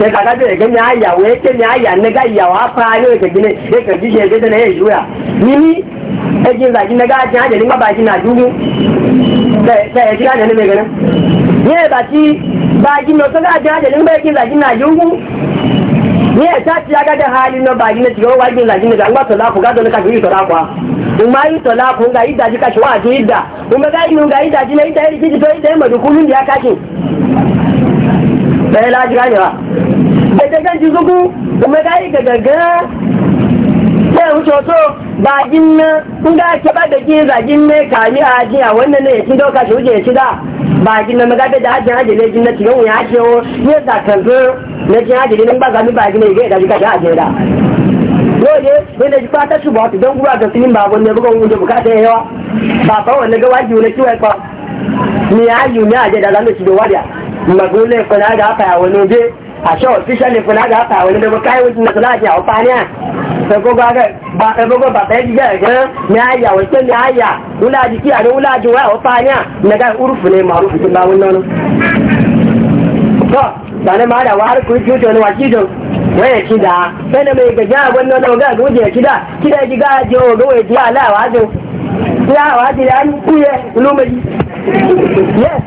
sai kaga da ga ya waya ke ya ya ne ga ya wa fa ne ga gine ya ka ji da ne ya juya ni ẹjìn ìlàjì mẹga ajé ajé ní bàbá ìjìnà àdúgbò na ti láàjẹ níbẹ gẹrẹ ní ẹbà tí bàjì na ti agájá ha ní nọba ìjìnà tí wọn wájú ìlàjì na ńgbà tọlá kó gádọ níka kìí tọlá kó a ìmọ ayé tọlá kó nga ìdájí kàṣẹ wà àti ìdá òmẹgá ìlú nga ìdájí náà ìdá ìdí tó ìdá ìmọ̀dùkú ní ìdí akáṣì bẹẹ ya wuce wato bagin nan kun ga ke ba da ke zagin ne kami a ajiya wannan ne kin ci dauka shi wuce shi ci da bagin nan magabe da ajin ajin ne jin na cikin wuya ce o ne da kanzu na jin ajin ne ba zami bagin ne ga da shi kashi ajin da dole ne da jifa ta shuba ta don gura ga sinin ba wanda bugan wanda bukata ya yawa ba fa wanda ga wajibi na kiwai kwa ni ayu ne aje da zan da shi da wariya magole ko na ga fa ya wani je a ce official ne kula da haka wani bai kai wuce na kula da ofaniya sai ko ba ba sai ko ba sai ji ga ne ayya wace ne ayya wula jiki a wula ji wa ofaniya na ga urufu ne marufu kin ba wannan to da ma da wa har ku ne wa ji waya kida sai da mai gaja wannan da ga ga wuce kida kida ji ga ji o ga waya ji ala wa ji ya wa ji an kuye lumaji yes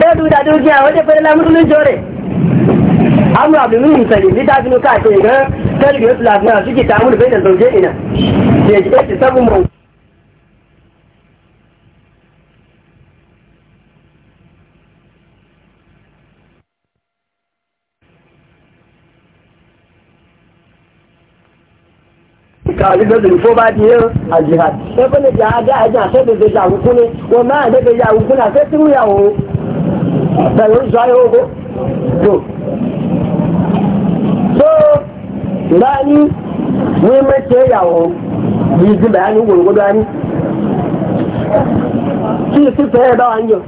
sai duda dukiya wajen fara lamurin jore amur abdulmin misali zai tafi nuka a ce ga kalibiyar fulafina suke tamur bai da zauje ina ke ji ɗaya àlùfẹ́ lòdì fún bá di yẹn àjìhà ẹgbẹ́ lè jà ajá ajá àfẹ́ lè jà àwùkú ni wọ́n máa a jà àwùkú ni àfẹ́ tí wúyà wò pẹ̀lú ìṣọ́ ayé owó tó. tó báyìí ní mẹ́tẹ́ ìyàwó yìí ti bẹ̀rẹ̀ ní gbòǹgbòdó á ní. kí ìsìnkú ẹ̀ bá wa ń yọ.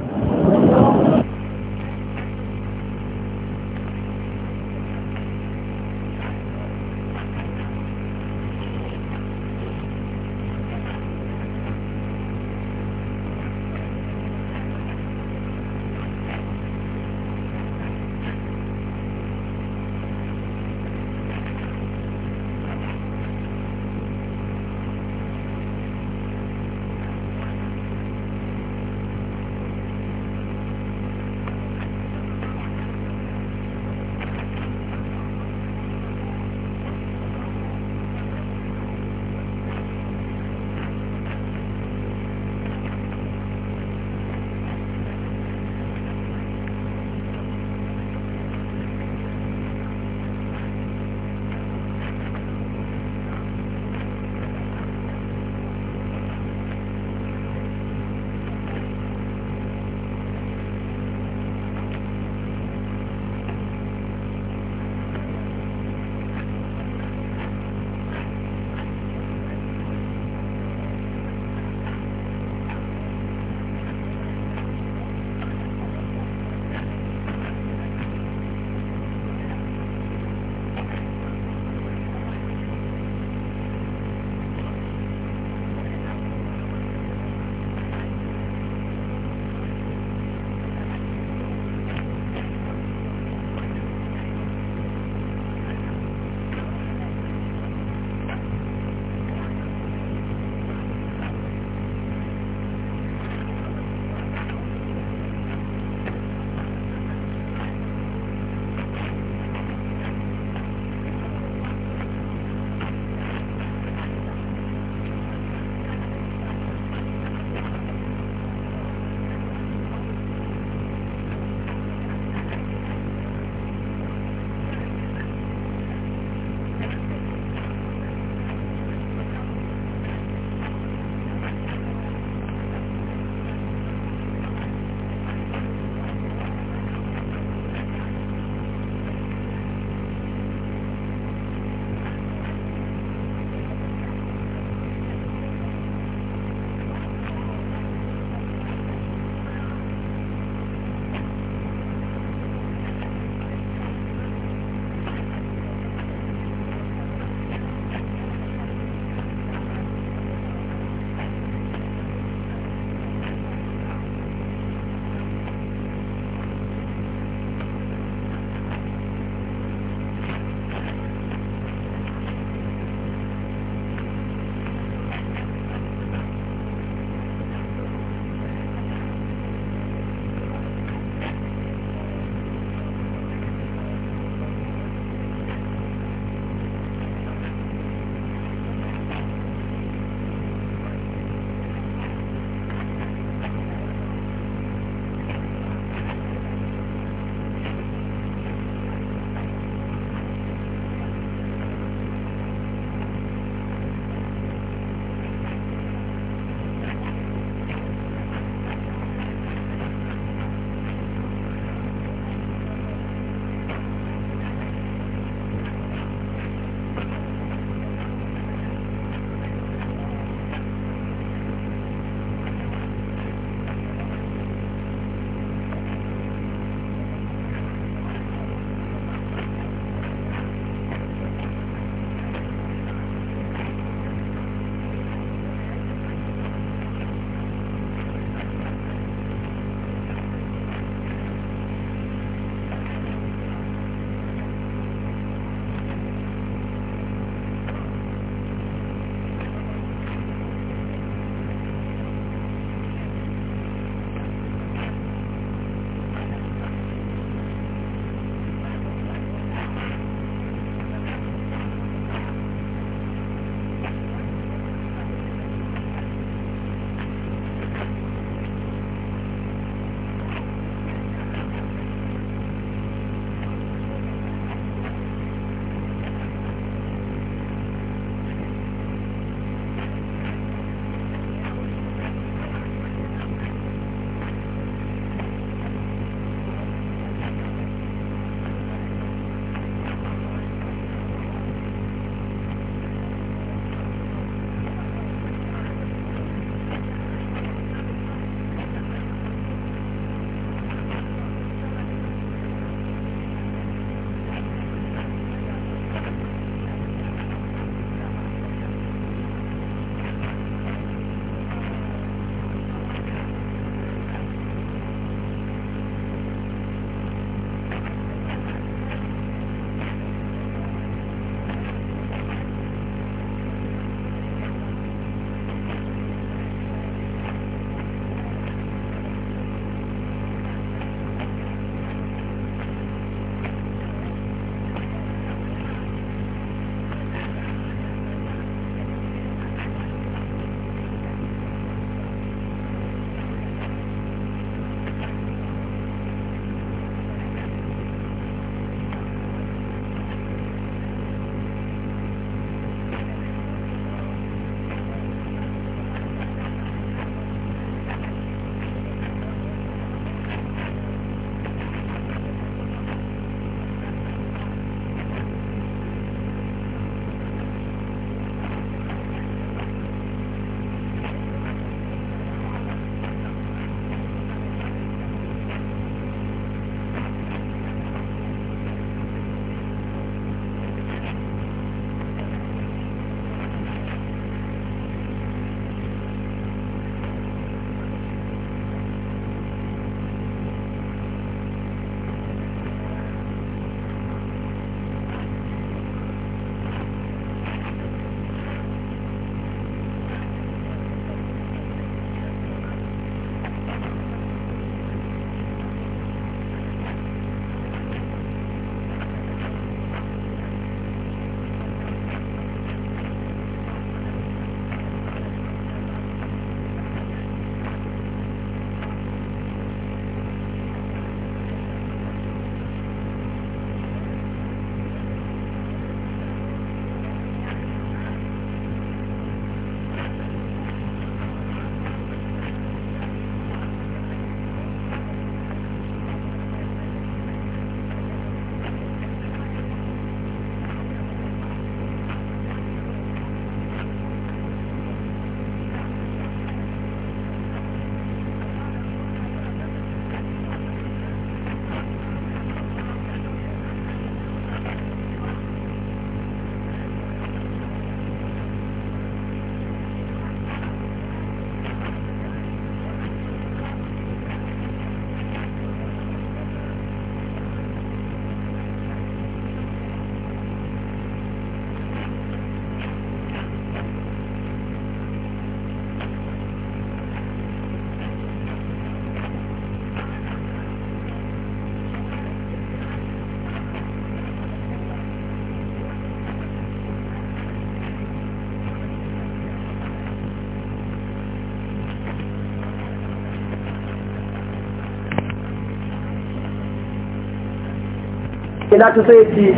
ila ta sai ci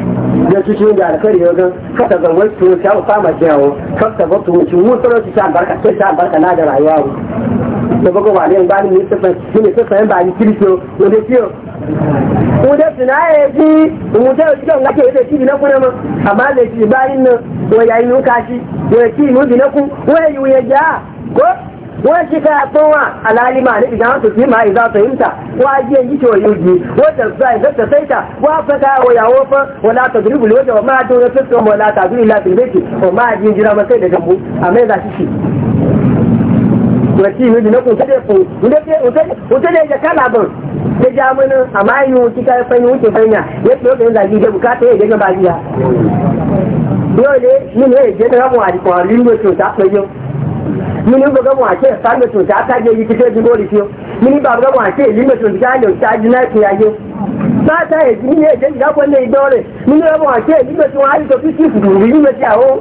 da su shi da alkari ya gan kaka zanwar su shi abu fama jawo kaka ba su mutu mun sanar shi sha barka sai sha barka na da rayuwa da bako ba ne ba ni ne sai shi ne sai ba ni kirkiyo ne da kiyo ko da sina ya ji mu ta yi kan lake da shi na kuna amma da shi bayin nan wa yayin kashi wa ki mu bi na ku wa yi ya ja ko ka wọ́n ṣe ká àtọ́ wà alálìmọ̀ àti ìjà tó sí máa ìzá tọ̀yìntà wọ́n ajé wa tí ó ta yìí wọ́n wa ìdọ́tẹ̀ sẹ́ńtà wọ́n fẹ́ ká àwọn ìyàwó fún wọn ta tó níbùlé wọ́n tẹ̀wọ́n máa dúró tó tọmọ látà bí ìlà tìrìbẹ́tì wọ́n máa di ìjìnlẹ̀ ọmọ sẹ́ẹ̀dẹ̀ dẹ̀mú àmẹ́ta ṣíṣì. Wẹ̀tí ìwé jìnnà kò tẹ́lẹ̀ fún un tẹ́lẹ̀ jẹ kálábọ̀n ya ja mana amma yi wuce ka fanyi wuce fanya ya ce yau zagi da bukata ya Yau ne, ne ya ta ta mini ba ga mu ake san to ta ta je yi kike ji gori mini ba ga mu ake yi to ta ne ta ji na ki yayo ta ta yi mini ne je ga ko ne dole mini ba mu ake yi to ayi to fiti fu ni me ti awo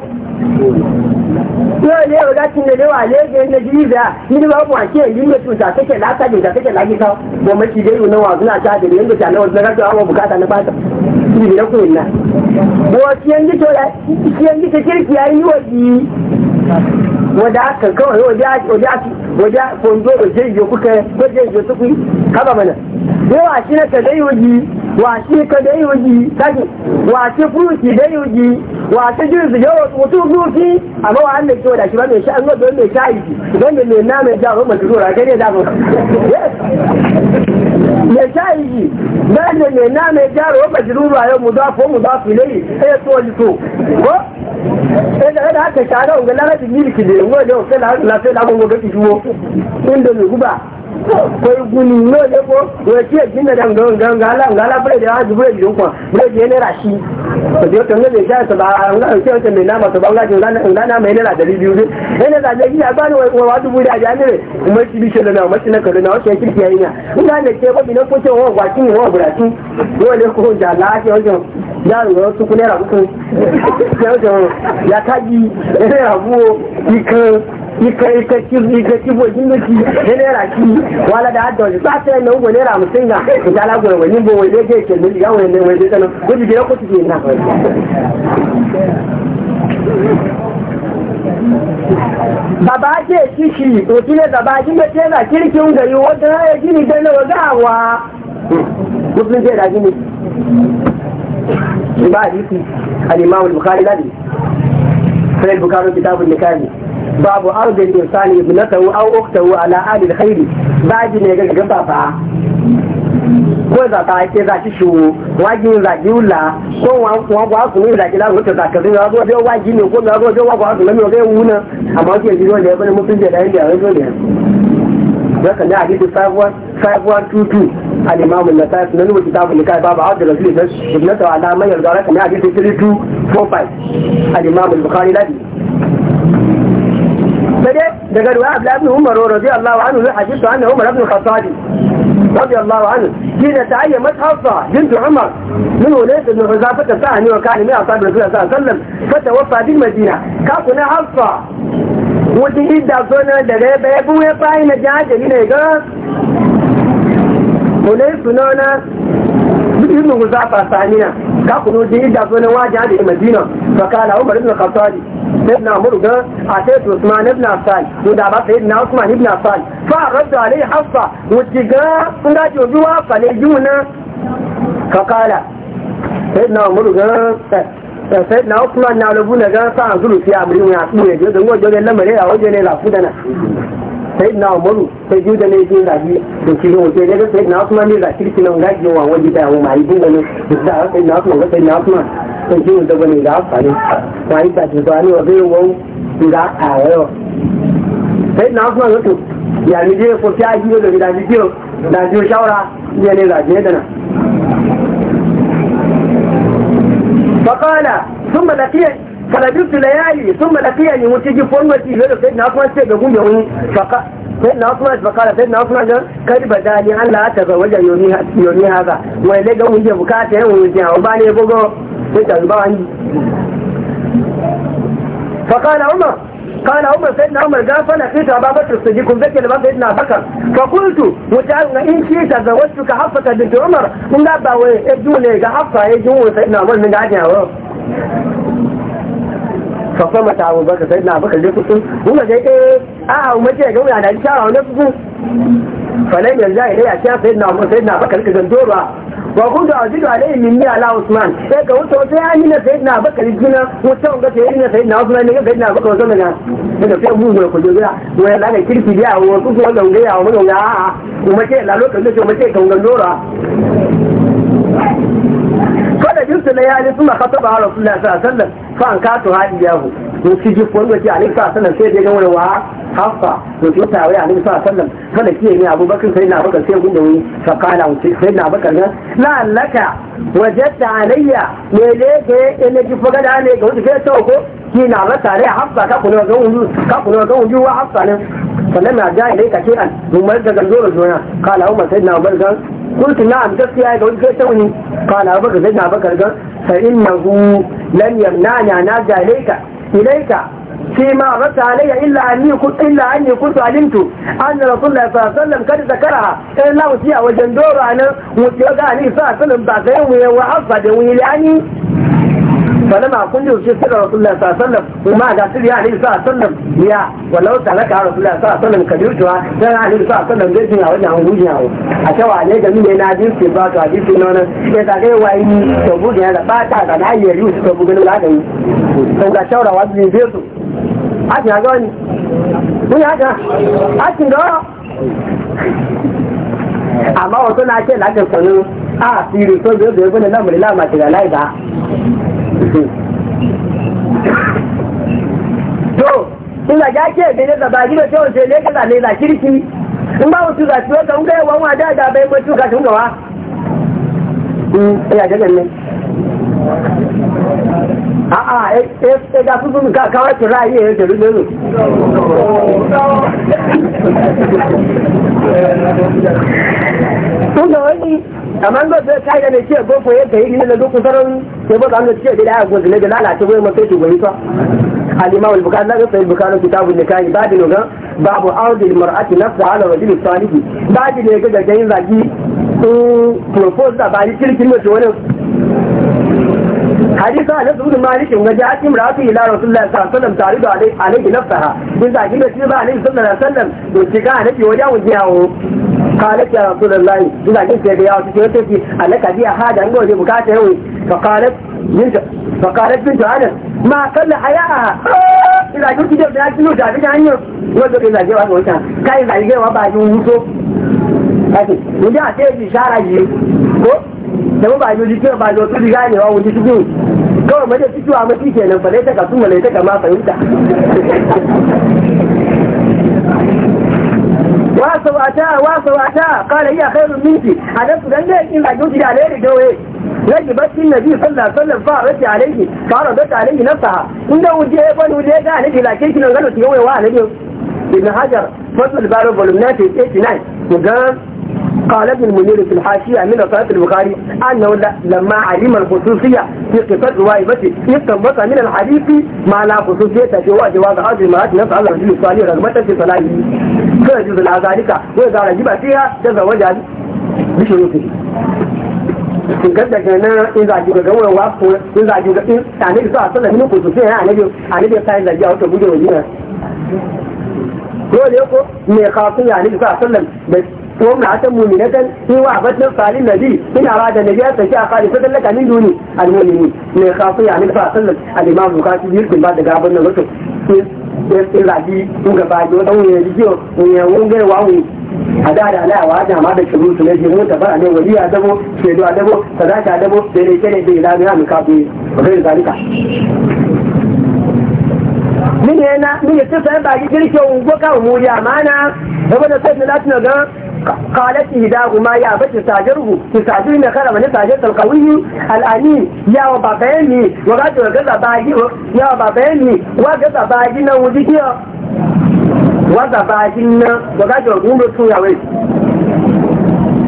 yóò lé ọ̀gá tí lè wà léèké nàìjíríà nínú bá wọn àti èyí mẹ́tò ìdàkẹ́kẹ́ látàdé ìdàkẹ́kẹ́ lágídá wọn mẹ́tì ìdè ìwọ̀n náà àgúnlá àti àdèrè ń gbèsè àlọ́ ọ̀dún lọ́gàdọ̀ àwọn bùkátà nípa àtọ̀ níbi ìrẹ́kùn ìlà. wọ́n ti ẹni tó yà ti ẹni kékeré kìí ayé níwọ̀n yìí wadda aka kawai wadda kondo da jejo kuka ko jejo su kuyi kaba mana sai wa shi na ka dai waji wa shi ka dai waji kaji wa shi furuki dai waji wa shi jirzu yawa mutu gufi amma wa Allah ke da shi ba mai sha'an don mai shayi don mai nama ja ko mai rura gane da ba mai iyi, bayan da mai na mai gyara wa majiru ba yau mu dafa mu dafa ilayi eh to ji to ko eh da haka shara unga larabi miliki ne wani yau sai la sai la gungo ga kiwo guba koi guni yau da ko wai ce jin da dan gan gan gala gala bai da haji bai da kuma bai da ne rashi to da kan ne ba an ga ce ta na to ba ga jin gana gana mai ne da dari biyu ne ne da ne ya ba ni wai wa dubu da ja ne ka shi bishe da na mace na kare na wace kirki yayin ya ina ne ke ba bi na ko ce wa gwakin wa buratin dole ko da lafiya wajen yaro ku, wasu kunera uku ya kaji ya rabu ikan ika ika kizu ika kibo ki? ne naira ki wala da hadda wajen ba ta yana ugo naira mutum na in ta lagura wani bo wai ke ke nuni yawon ne wai zai gudu na baba baba ya gini na da gini ba Bukari kitabun babu arda insani ibnatahu aw ukhtahu ala ali alkhair baji ne ga gaba fa ko za ta ke za ki shuwo waji za ki ula ko wa wa su ne za ki lawo ta zaka zai zo da waji ne ko na zo da wa wasu, su ga wuna amma ke ji ya bane mutun da dai da ne da kan da hadisi 5122 الإمام النسائي سنن وكتاب النكاح باب عبد الرسول ابنته على من يرضى لك ya حديث 3245 ladi بدأت دقال واحد لابن عمر رضي الله عنه حديث عنه عمر بن الخطاب رضي الله عنه حين تعيمت متحفظة بنت عمر من ولاية بن حذافة فأهني وكان من أصحاب رسول الله صلى الله عليه وسلم فتوفى بالمدينة كاكنا حفصة وتجي دعونا دقال بيبو يبعين جاجة هنا يقول وليس نونا yin da guza fa saniya ka kuno da yadda zo na wajen da madina fa kala umar ibn khattab ibn amr ga a sai usman ibn affan to da ba sai na usman ibn affan fa radda alai hafa wujiga kun ga jo biwa fa le na ga eh, sai na usman na ga sa fi amri ya a sai na umaru sai biyu da ne biyu rafi da shi ne wace ne sai na usman ne rafi shi nan gaji yawa waje da yawa mai bin wani da sai na usman sai na usman sai shi da bane da afani mai ta ji ba ne wabe wau da ayo sai na usman wato ya ni je ko ta ji da da ji kiyo da ji shawara ya ne raje da na فقال ثم لقيت فلبثت ليالي ثم لقيني وتجي فرمتي غير سيدنا عثمان سيدنا قوم يومي فقال سيدنا عثمان فقال سيدنا عثمان قد بدا لي ان لا اتزوج يومي هذا ويلقى وجه بكاته وجه وبالي يبقى فقال عمر قال عمر سيدنا عمر قال فلقيت أبا بكر الصديق ذكي لبا سيدنا بكر فقلت وتعالى إن شئت زوجتك حفة بنت عمر قلنا أبا ويجوني حفة يجون سيدنا عمر من عجل fafa mata abu baka sai na baka je kusur kuma ga eh a ce ga wani da shawara wani kusur falai mai zai da ya ce sai na mu sai na baka rika zanto ba wa kun da azidu alai min ni ala usman sai ka wuce wata ya nina sai na baka rigina wuce wanga sai nina sai na usman ne ga na baka wata mana daga sai mu mu ko je ga wai la ga kirki dia wa ku ko ga ga wa ga a umarci la lokacin da umarci ga ngandora kada jinsu na yali suna khataba rasulullahi sallallahu alaihi wasallam fa an katu hadiyahu ko su ji wanda ke sa sallam sai dai wa hafa to su sa sallam kada ke ne abubakar sai na baka sai gun wani sai na baka nan la laka wajadta alayya me ne ke ne faga ne ga wuce sai to ko ki na ba tare ka kuna ga na na قلت نعم ga wani قال يمنعني إليك فيما ردت علي إلا أني كنت إلا أني كنت علمت أن رسول الله صلى الله عليه وسلم قد ذكرها إلا وسيا وجندور أنا وسيا قال عليه صلى الله عليه وسلم بعد يوم وعصب ويلي فلما كنت شفت رسول الله صلى الله عليه وسلم وما قصر يا عليه الصلاة والسلام يا ولو ترك رسول الله صلى الله عليه وسلم كبيرتها كان عليه الصلاة والسلام جيشنا وجهه وجهه أشوى عليه جميل هنا عديد في الباك وعديد في نونا إذا غير وإني تبوك هذا باتا كان عيي يوسف تبوك نولا دي فوق الشورى وزني بيرتو أتنا قولي وي أتنا أتنا amma wasu na ce lakin sanu a firi so biyu biyu gudun lamuri lamar shiga lai ba to ina ga ke bene da ba gido to sai le kaza le la kirki in ba wasu ga to kan ga wa da da bai hmm, ga ya eh, eh, eh, ga ne a a da sun ka yi da Tun wani amma ba sai kai da ne ke go koye kai ne da duk saran ke ba zan ce da ya gozi ne da lalace bai mun sai shi goyi fa alima wal al-bukhari na sai bukhari kitabun nikahi babu ne ga babu audi marati nafsa ala rajul salih babu ne ga ga yin zaki to propose da ba yi kirkin ne to wani hadisa a nasu gudun malikin wajen ake muratu ila rasulullah sallallahu alaihi wasallam tare da alaihi nafsaha bin zaki da shi ba alaihi sallallahu alaihi wasallam don shiga a nafi قالت يا رسول الله إذا كنت يا سيدي أنك بي هذا أنه بكاته فقالت فقالت بنت أنس ما قل حياءها إذا كنت جبت أنك نوت أبدا عنه وذلك إذا جوا أنه كان إذا جوا بعد يوسف Mun ji a sai bishara ko, da ba ba yi ojiki ba da wasu riga ne wa wuce cikin kawai maje fito a mafi kenan fa ta kasu mala ta kama fahimta wasa wata wasa wata kala iya khairun minki hadatsu dan da yakin zagin shi da alheri gawaye رجبت النبي صلى الله عليه وسلم فعرضت عليه فعرضت عليه نفسها عند وجهه يقول وجهه قال لي لكن كنا قالوا تيوم واحد ابن حجر فضل البارو فولوم 1989 وقال قال ابن المنير في الحاشية من صلاة البخاري أنه لما علم الخصوصية في قصة روايبته استنبط من الحديث ما لا خصوصية في هو جواز هذه المرات نسأل الرجل الصالح رغبة في صلاحه فيجوز لها ذلك وإذا رجب فيها تزوجها بشروطه shigar da gana in za ki ga gawar wafu in za ki ga in tane da ya ko ya وامرأة مؤمنة هي وعبتنا قال النبي إن أراد النبي أن تشاء خالصة لك من دوني المؤمنين من يخاف يعني صلى الله الإمام البخاري يمكن بعد قابل الرسل إرادي وقبادي وطوي يجيو ويونغي وعوي هذا لا وهذا ما بك شروط لجي موتا فرعني ولي أدبو شهدو أدبو صداك أدبو بيلي كني بيلا بيها مكافي غير ذلك mini yana mini su sai ba girke ungo ka umuri amana gaba da sai da tuna ga qalat ihdahuma ya bati sajiru ki sajiru ne kala wani sajir talqawi alani ya wa babayni wa ga to ga babaji ya wa babayni wa ga babaji na wudi kiyo wa babaji na wa ga to gundo tuya wai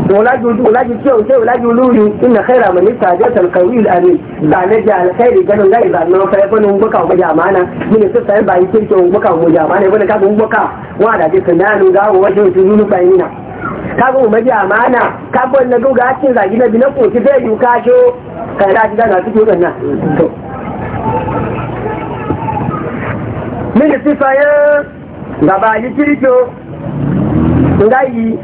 wulaji kyau sai wulaji luri inna khaira man yastaja al qawil amin da ne ja al khairi ganin ga idan no fa bani buka mu jamana mini su sai ba yake kyau buka mu jamana bani ka mu buka wa mu jamana amana go na duga ga cin zagi na bina ko ki sai ka sho ka da ji na fito ganna to mini sifayen gaba yi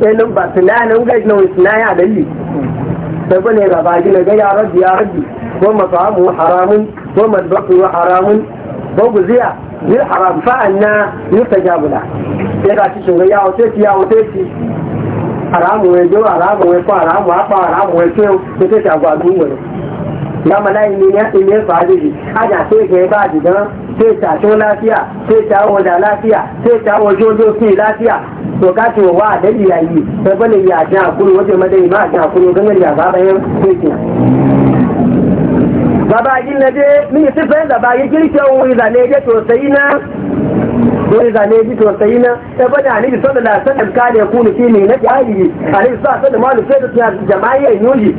sai lamba tunanin gai na wani tunanin a dalili sai bane ga baki na gai ya rabbi ya rabbi ko masamu haramun ko madbatu haramun ko guziya yi haram fa'an na yi ta jabula sai ga cikin gai ya hote ci ya hote ci haramun wai jo haramun wai ko haramun hapa haramun wai kyau sai ta shagwa dun wani na malayi ne ya ɗin yin fadiri aja sai ka yi ba jigan sai ta to lafiya sai ta oda lafiya sai ta ojojo fi lafiya to ka ce wa da iyayi sai bane ya ji hakuri waje madai ma ji hakuri ganin ya ba bayan sai bàbá yìí lẹ́dẹ́ ní ìsìnkú ẹ̀ bàbá yìí kiri tí ó ń wí ìlànà ẹ̀jẹ̀ tó wani zane ji tausayi na ya bada a nabi sallallahu alaihi wasallam kada ya kunu fili na jahili a nabi sallallahu malu sai da tiya jama'i ya yuji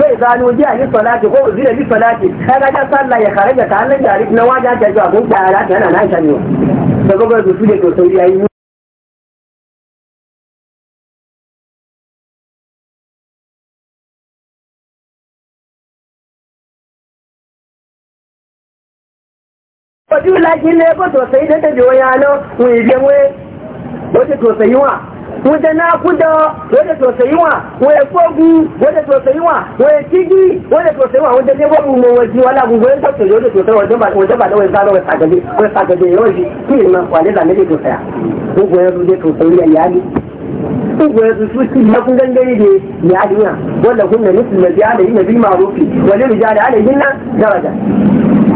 sai zano ji a salati ko zira ni salati kaga da sallah ya kharaja ta Allah ya na waja ta ji abun da ya rata yana na shani daga ba su da tausayi yayi tí ó láti ilé ẹgbẹ́ tọ̀sẹ̀ ilé tẹ̀lé oyin alọ́ òun ìjẹun ẹ́ ó sosai tọ̀sẹ̀ yín wà wọ́n sosai náà kú dán wọ́n tẹ tọ̀sẹ̀ yín wà wọ́n ẹ̀ fọ́gùn wọ́n wà wọ́n ẹ̀ tígí wọ́n wà wọ́n tẹ́ fọ́gùn mọ̀ wọ́n wọ́n lágùn wọ́n tọ̀sẹ̀ yóò wọ́n tẹ́ bàdá wọ́n sáré wọ́n sàgẹ̀dẹ̀ wọ́n sàgẹ̀dẹ̀ wà lẹ́la méjì tọ̀sẹ̀ yà gbogbo ẹrù lè tọ̀sẹ̀ yà yà ni gbogbo tó ti lọ wọ́n lọ fún wọ́n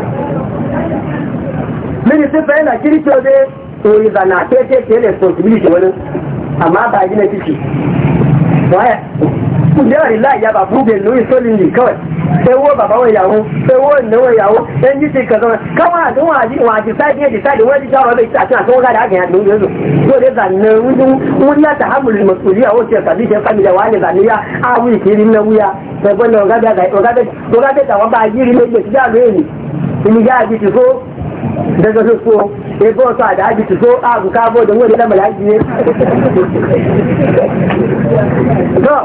ministan yana kirki wajen tori zana keke ke responsibility wani amma ba gina ciki waya kujera rila ya ba bube lori solin ne kawai sai wo baba wa yawo sai wo ne wa yawo dan ji ce kaza kama don waji waji sai ne decide wani jawo bai ta tana so ga da haka ya dun yanzu to dai zanne wudun wuya ta hamul masuliya wo ce sabi ce sami da wani ya a wuya kirin na wuya sai bane ga da ga ga daga su so e bo sa da haji so a ku ka bo da wani da malaki ne to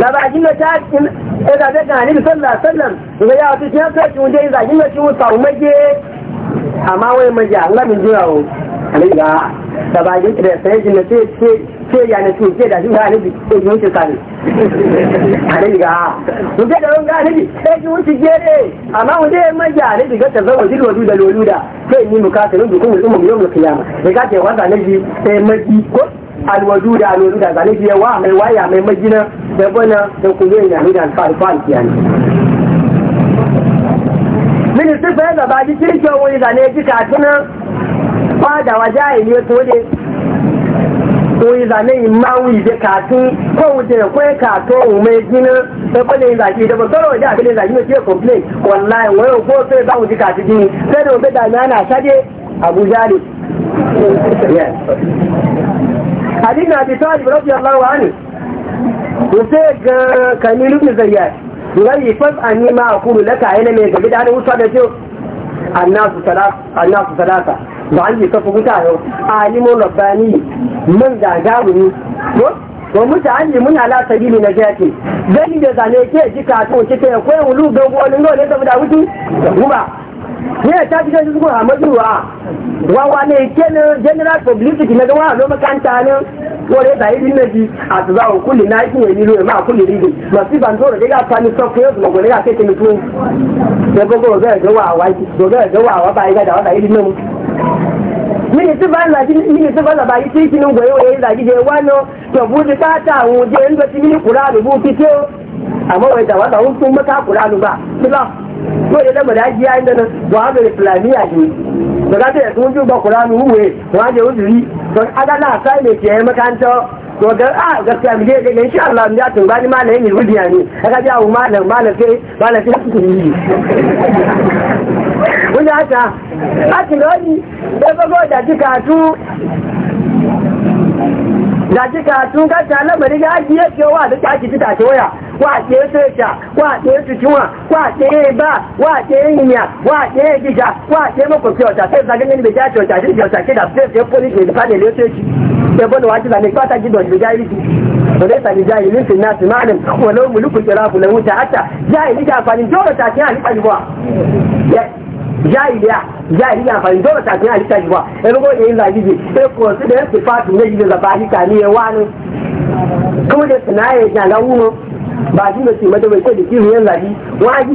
da ba jin ta in e da da kan ni sallallahu alaihi wasallam ga ya ta ta ta ci wanda in da jin ta ci wa sa umaje amma wai maja lamin min jira alaiga da ba yi da sai jin ce ce ce ya ne ce da jin ga bi ko yin ce kan alaiga mun da ran ga ne bi sai ji wuce gere amma mun da mai ya ne diga ta zama jin wadu da lolu da sai ni mukasirin dukun mutum mu yau mu kiyama sai ga ce wanda ne bi sai mai ko alwadu da alwadu da zane biya wa mai waya mai majina da bana da kuma yin yanu da alfarfa alkiyani ministan bayan da ba ji wani zane ji katunan fadawa jahili ya tole ko yi zane in ma wuyi da ko wuce da kwaye kato o mai gina sai kwalle yin zaki da bakaro da abin da zaki mai complain wallahi wayo ko sai ba wuce katu gini sai da wabe da na na sade abuja ne hadin na bi tawali rabbi allah wa ani wuce ga kamilu ibn zayyad ngai fas anima akulu laka ina mai gabi da hannun wuta da ce annasu salasa ba an yi kafa mutane alimun rabbani man Ko? wa mutane muna la sabili na jaki gani da zane ke ji katon ki ta koyi wulu ga wani ne da da wuti kuma ne ta fi shi zuwa Ahmadu wa wa wa ne ke ne general publicity na gawa lo makanta ne wore da irin ne ji a tsaza wa kulli na yi ne lo ma kulli ridi masu ban dole da ga fani so ko yau magone ga ke ke mutu da gogo ga ga wa wa ga ga wa wa ba ga da wa da irin ne mu? mini ti bala bayi ti kini ngoyo ye zaji je wano to budi tata wuje ndo ti mini kura rubu fitio amma wai da wata hun sun mata kuranu ba kila ko da da madaji inda da ba da islamiya ne ba za ta sun ju ba kuranu huwe wa je wuri don adala sai ne ke makanta to ga a gaskiya mu je ga insha Allah mu ya tun bani malamin yudiya ne aka ja mu malam malam sai malam sai su yi mun ya ta a tiloni da bago da kika tu ga ji katun ka ta lamari ga aji ya ke wa duka ake fita ta waya wa ke soja wa ke tutuwa wa ke ba wa ke yinya wa ke gija wa ke makwabci wata sai zaga ne bai jace wata shi wata ke da sai sai police ne da ne lesoci sai bane wa ji zane kwata gidon da jahilci وليس لجاهل في الناس معنى ولو ملك الشراف له تعتى جاهل إذا فان جورة تعتيها لقلبها جاهل يعني ya yi amfani dole ta tana alita yiwa ya rubo da yin lagiji sai ko su da yansu fatu na gidan zaba halitta ne ya wani kuma da sana'a ya jana wuno ba shi da su mata bai kai da kiri yan lagi wa a ji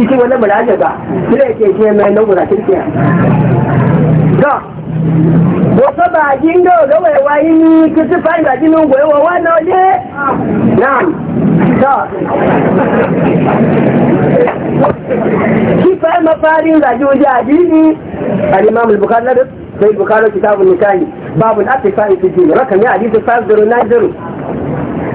ji shi wannan bulaje ba kira ke ke mai nan guda kirkiya da wata ba jin da ga wai wai ni ki ci fa ga jin goyi wa wannan ne na da ki fa mafarin da joji adini al-imam al-bukhari da sai bukhari kitabun nikahi babul atifai fi din rakami hadith 5090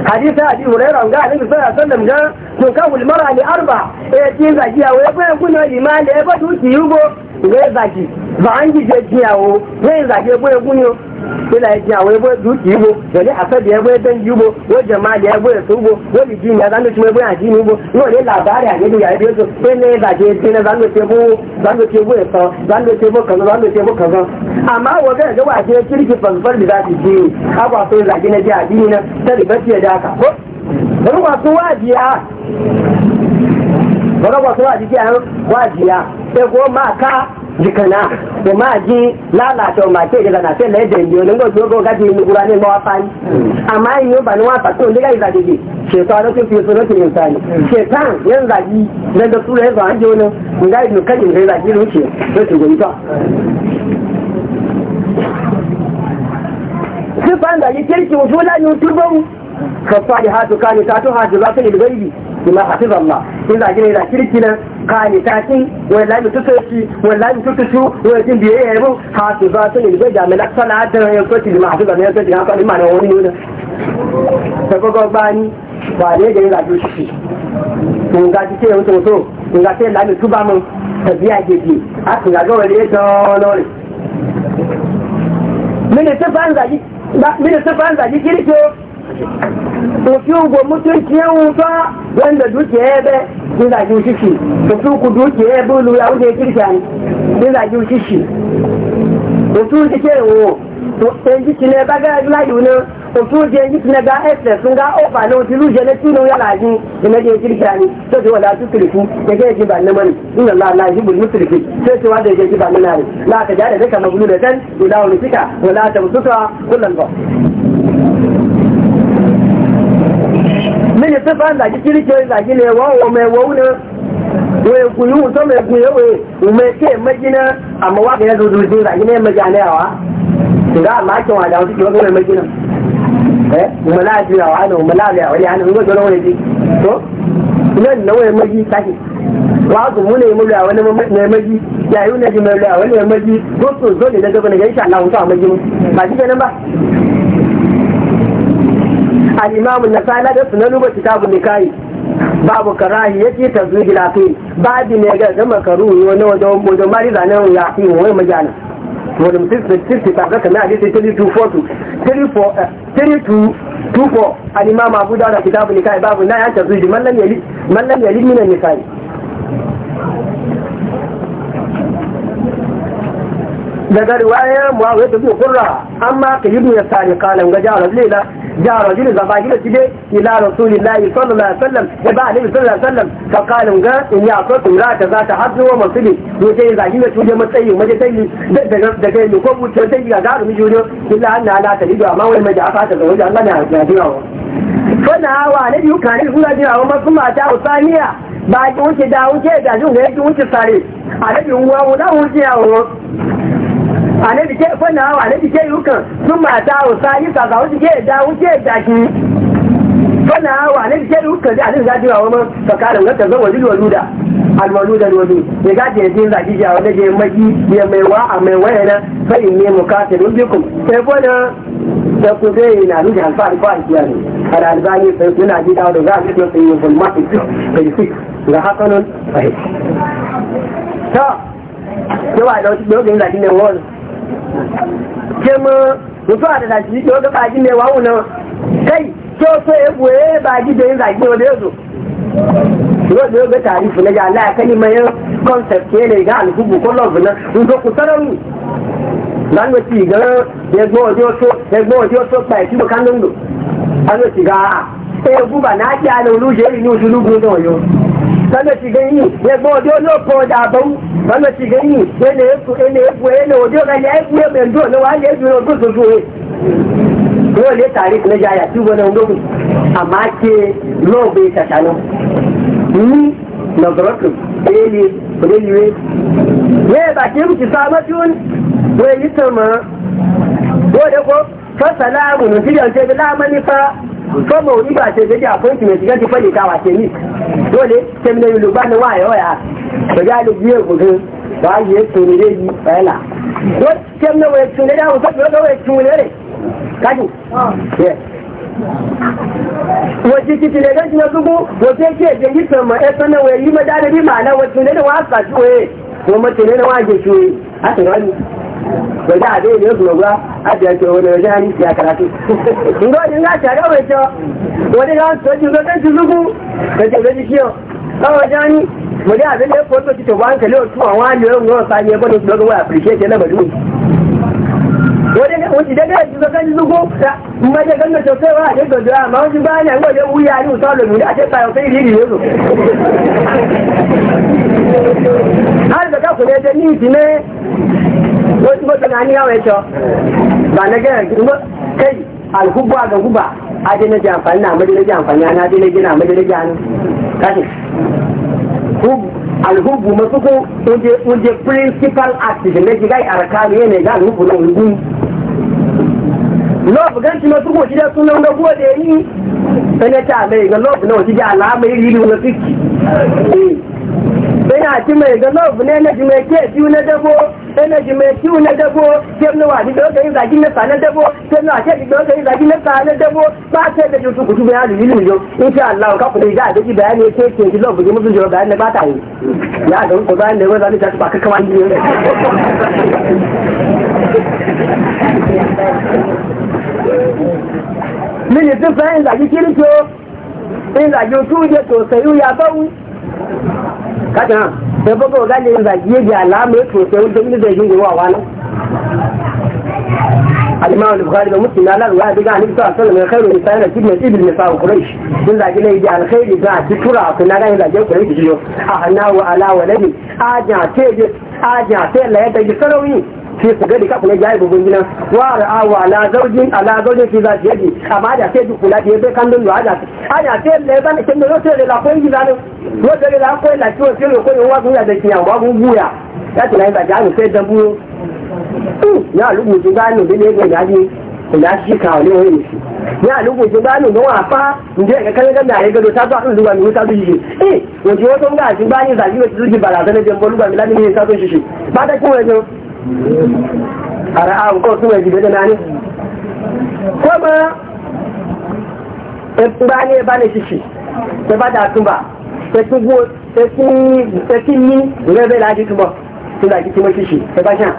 hadisa abi hurairah ga annabi sallallahu alaihi wasallam ga to kawul mar'a arba ya ce zagiya wai fa kuna limani ya fa tuki yugo wai zaki ba an gije jiyawo wai zaki ya boye gunyo ya jiyawo ya boye duki ibo wani asadi ya boye dangi ibo wani jama'a ya ya zanu cime boye ajini ibo wani ne labari a gidu ya ibo sai ne ya ya jina zanu ce bo zanu ce bo ya sa zanu ce bo kaza zanu ce bo kaza amma wa ga ga wace ya kirki da zaki ji akwa sai zaki na ji ajini na ta ribar ya ko bọ́lá bọ̀ tó wà jíjẹ́ àwọn wà jìyà ẹgbẹ́ máa ká jìkànnà kò máa jí lálàtọ̀ màtí ìdílé náà tẹ̀lé ẹ̀jẹ̀ ìdí onígbò tí yi gbọ́ gájú inú gbúra ní ìmọ̀ wá fani àmọ́ ayé yóò bá ní wọn àtàkùn nígbà ìgbàdégbè ṣètò alókè fi èso lókè yóò sáré ṣètàn yóò ń ràjí lẹ́dọ̀ tó rẹ̀ bàá yi ọ̀nà nígbà ìdùn kẹ́yìn rẹ̀ ràjí ló ṣe ló ṣe gbòmí tọ́. sípàǹdà yìí kéèkì òfin lẹ́nu túbọ̀ kafali hatu kani ta to hatu za ta yi gaibi kuma hatu zalla in za gina da kirki nan kani ta kin wallahi mu tuta shi wallahi mu tuta shi wallahi mu biye yayin hatu za ta yi gaibi da mala sala da yan kwaci da hatu zalla yan kwaci da kwaci mana wani ne ta gogo bani ba da yana gushi shi kun ga dike yau to to kun ga sai lami tuba mun ta biya gidi a kun ga gawa ne to lori mene ta ban zaji ba mene ta ban zaji kirki òfin ògò mutunci ń fa wanda duke ya bẹ ní zagin shishi òfin ku duke ya lu ya wuce kirkiya ní zagin shishi òfin ti ke wo èyí ti nẹ bá gẹ́gẹ́ láyò náà òfin ti èyí ti nẹ gá ẹsẹ̀ fún gá ọ̀fà náà ti lù jẹlẹ tí ìlú yàrá yín ìmẹ́jẹ su ni tó ti wọ̀ láti tìrì fún gẹ́gẹ́ ẹ̀jẹ̀ bá nẹ́mọ́ni nínú ọ̀la ọ̀la ìdìbò ní tìrì fún tó ti wá dẹ̀jẹ̀ ẹ̀jẹ̀ bá nẹ́mọ́ni láti jáde dẹ́kà mọ̀gbùnú rẹ̀ tẹ́lẹ̀ ìdáwọ̀n ìsíkà wọ̀lá àtẹ̀wòsótó mini pípa ń dàjí kíríkì ó ìdàjí lè wọ́n ọmọ ẹ̀wọ̀ ó náà wọ́n èkù yíwù tó mẹ́kù yẹ́wò ìmọ̀ èké náà àmọ́ wá kìí dúdú dín ìdàjí náà méjì alẹ́ àwá ìgbà àmà àti wọn àdáwọn títí wọ́n méjì náà ẹ ọmọ náà ti àwá náà ọmọ náà rẹ àwọn ìyá ń gbọ́dọ̀ lọ́wọ́ èdè tó ilé ìnáwó ẹ méjì káṣí wọ́n á tún mú al-imam an-nasai na da sunan ba kitabun babu karahi yake tazwiji lafi babu ne ga zama karu wani wajen wajen mari zanen ya fi wani majana wani mutum sirti tabbata kana hadisi 3242 3224 al-imam abu dawud kitabu nikahi babu na ya tazwiji man lam yalid man daga riwayar zuwa kurra amma ka yi duniyar sani kalan gaja a جاء رجل زباجلة به إلى رسول الله صلى الله عليه وسلم يبقى النبي صلى الله عليه وسلم فقال جاء إني أعطيت امرأة ذات حبل ومصلي وجاي زاجلة وجاي متأي وجاي تأي دقاي لكم وتأي أجار مجهول إلا أنها لا تلد أمام المجاعة تزوج الله نعم نعم فنهى والدي كان يقول جاء وما ثم أتاه ثانية بعد وجه دا وجه دا جون غير وجه صاري عليه هو ولا وجه anabi ke fana wa anabi yi yukan sun mata wa sayi kaza wuce ke da wuce da ki fana wa anabi ke yukan da anabi zaji wa wama fakarin wata zan wajil waluda alwaluda alwalu ya gaji ya jin zaki jawa da je maki ya mai wa a mai waya na sai ne mukatirun bikum sai fana da ku dai na nuna alfahari ko alfiyar kada albani sai suna ji dawo da za a fi sun yi fulmatin 36 ga hasanun fahim ta yawa da wani dogon zaki ne wani kema mutu a dada da shi ke baki wawu na kai so so ya buwe baki da yin zaki wanda ya zo yau da yau tarifu na jala ya kani mai concept ke ne ga alhubu ko na in zo ku sarar mu ga ci ga ya zo waje wato ya zo waje wato ba ki ba kan nan ga na ki ana wulu je ni wulu sana ci gani ya bo do lo da bau sana ci gani ya ne ku ne ku o do ga ne ku ya ben do no wa ne do do do do ko le tari na jaya tu bona ndo amma ke lo ta ni na ele ne ba ke mu ci sama tun ko yi tama ko da ko fa salamu ne ti da ce fa. fọ́mọ̀ onígbà ṣe ṣe jẹ́ àpọ́ìntìmẹ̀tì gẹ́gẹ́ fẹ́ ìta wàṣẹ ní lóòlé tẹ́mìnà yorùbá ni wà ẹ̀họ́ ya pẹ̀lú àlejò ègbògan wà á yẹ tòun lé yìí pẹ̀lá wọ́n tẹ́mìnà wọ̀ ẹ̀tún lẹ́dá wọ́n tọ́jú lọ́wọ́ ẹ̀tún lẹ́rẹ̀ kájú wọ́n ti ti tilẹ̀ lẹ́sìn ọdúnkú wọ́n yi ti èdè yìí sọ̀mọ̀ ẹ̀sán náà wọ́n yí mọ́ dáadé bí màálá wọ́n tún lẹ́nu wọ́n á sàtúwèé wọ́n mọ́ tẹ̀lé náà wọ́n á jẹ̀ bai da abin da ba a da yake wani wajen hannun ya karatu in ga wajen ga cewa wani ga wasu wajen zo kan da ke wajen wani yau yau sani ya gwada su daga na bari da ga su kan da ma da ganga sosai wa da ga da ma wajen wuya da mu da ake sai zo har da ka kula da ni ne wasu matsanani yawon ya cewa ba na gaya kuma kai alhubba ga guba a na ji amfani na amadu na amfani na je na gina amadi na hannu kashi alhubbu masu ko wuje principal active na jigai a rakari yanayi ga alhubbu na ungun love gan shi masu ko shi da sunan na gode ni sanata mai ga love na wasu ji alamai riri wani ina ci mai gano bu ne na jime ke ciwu na dabo ina jime ciwu na dabo ke nuna wa jido ga yi zagi na sanar dabo ke nuna ke jido ga yi zagi na sanar dabo ba ce da jisu kutu bayan da yilu yau in sha Allah ka kuɗi da daji bayani ne ke ke ji lobu ji musu jiro bayan ne ba ta yi ya ga ku bayan da yau zani ta ba ka kama yi Mini tun sayin zagi kirkiyo, in zagi otu je to ya bawu, kada sai baka ga ne zagi ya ga alama to sai wanda ne da yin wa wani al-Imam al-Bukhari da Muslim Allah ya diga ni ta sallallahu alaihi khairu insan da kibne ibn nisa quraish din zagi ne ga alkhairi ga tura ku na ga da jiyo a hanawa ala waladi aja ce aja ce la ya ta ji fi kugari ka kuma jaye bugun gina wa ra'awa ala zaujin ala zaujin fi zaci yaji amma da sai kula da yabe kan dundu aja aja sai le ban kin da la ko yi zanu wo da la ko la ko sai ko yi wa da kiyan wa gun guya ya tuna ba ja ni sai hmm, ya lugu ga ne ga ji da shi ka ne wani shi ya lugu ju ga ni don afa nje ga kan ya gado ta ba in zuwa ni ta zuji eh wo ji wo don ga shi ba ba su ji barazana da bolu ga milani ne ta zuji shi ba da ko ne a ra'abu kawai suna jibe da nani kuma ba ne ba ne shishi ta ba da tuba ta tun yi rebe da ake tuba tun da ake tuba shishi ta ba shan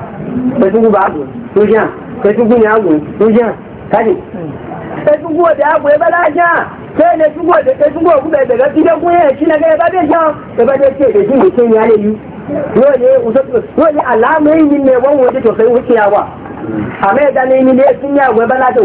ta tun guba agu tun shan ta tun guni agu tun shan kaji ta tun guwa da lóye lóye àlàámú yìí ni wọ́n wọ́n ti tòfin wíkì yà wà àmì ẹ̀dá ní ilé ẹ̀sìn ní àgbẹ̀ bá láti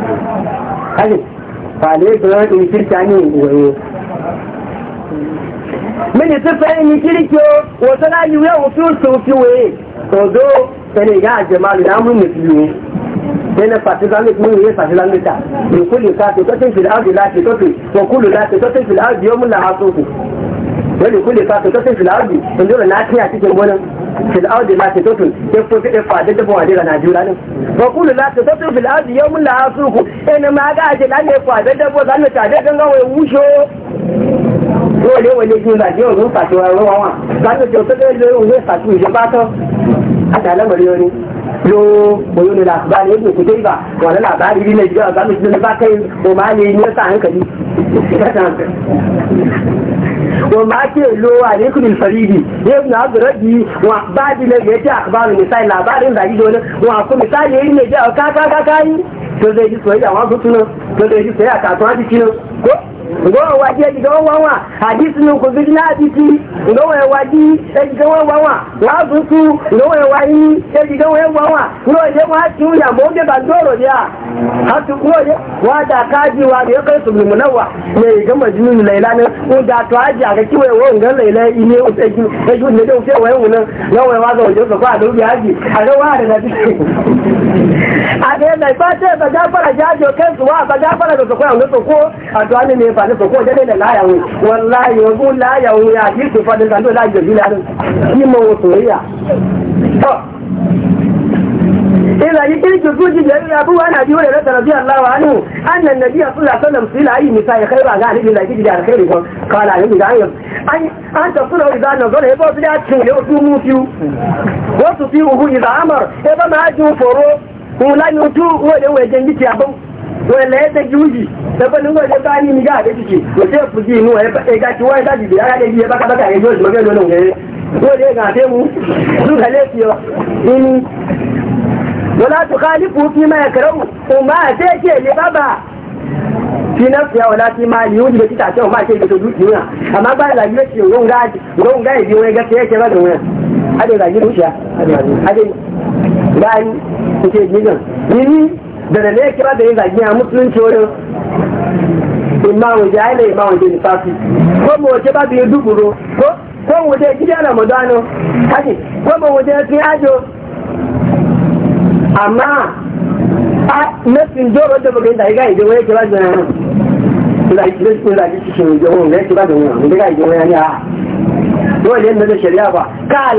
wẹ̀ fàlẹ́ ìgbọ́n ní kíríkì á ní ìwòye mini tí fẹ́ ní kíríkì ó wò tó láyé ìwé fi wòye yi ẹni ìyá àjẹmálù dáhùn nìfìlú bẹ́ẹ̀ pàtíláńdé mú ìwé pàtíláńdé ta ìkúlù ká tó tó tó ìfìlà áàdì láti tó tó ìkúlù láti tó tó ìfìlà áàdì wani kulle fa to sai filaudi sun dole na tiya cikin gonan filaudi la sun totun ya fi fiɗe fadin da bawa daga najeriya ba la yau mun ina eh, ma ga aje la ne fadin da bawa zan ta da ganga wai wusho wa ma ke lowa ne kudin faridi ne na abdurrabi wa badi ne ya ji akbaru misali labarin da gido ne wa ko misali yayin ne ji ka ka ka kai to zai ji soyayya wa to zai ji soyayya ka a cikin ko ngowa waji eji gawa wawa hadisi nuku bigi na hadisi ngowa ya waji eji gawa wawa wazu su ngowa ya wayi eji gawa ya wawa ngowa ya waji ya hatu ngowa ya kaji ya kai subli munawa ne ga laila ne to aji wo laila ne ya wazo jo do wa da ba a to fani ko ko jade da layawo wallahi yobu layawo ya ki su fani kan do laje bi lanu ki mo wo toriya to ila yi kin ju guji da ya bu wana di wala da rabbi allah wa anhu anna nabi sallallahu alaihi wasallam sila yi misai khaira ga ni da kiji da khairi ko kala yi da ayi ai an ta sura idan na gore ko bi da tin le o tumu fiu ko su fiu hu idan amar e ba ma ju foro ko la ni tu wo de we jengiti abu wọ́n lẹ́yẹ́ tẹ́jú yìí tẹ́gbẹ́ ní wọ́n yẹ́ bá ní nígbà àdéjìjì kò tẹ́ fùjì inú ẹ̀ ẹ̀gá tí wọ́n ẹ̀dá jìbì ara lẹ́yìn ẹ̀bá kábàkà yẹn yóò jùmọ́gẹ́ lọ́nà òun ẹ̀rẹ́ wọ́n lè gàn àdéhù lúkà lẹ́sì ọ inú wọ́n látò ká lípù fi máa kẹrẹ́ wù òun máa tẹ́ ṣe lè bábà fi náà fi àwọn láti máa yìí oúnjẹ títà tí òun máa ṣe ìgbésẹ̀ lùkì náà àmọ́ bá ìlàjú lè ṣe òun gáà ìdí wọn ẹgẹ́ fi ẹ̀ṣẹ̀ bá lòun ẹ̀ adé ìlàjú lùṣà adé ìlàjú lùṣà báyìí kò ṣe ìgbésẹ̀ da da ne kira da yin a musulunci wurin imamu jahila imamu da nifafi ko mu wace ba biyu duburo ko ko mu wace gida ramadano haki ko mu wace sun amma a nasin joro ga idan wani kira da zagi cikin jihon ga kira da wani da ga idan wani a dole yadda da shari'a ba ka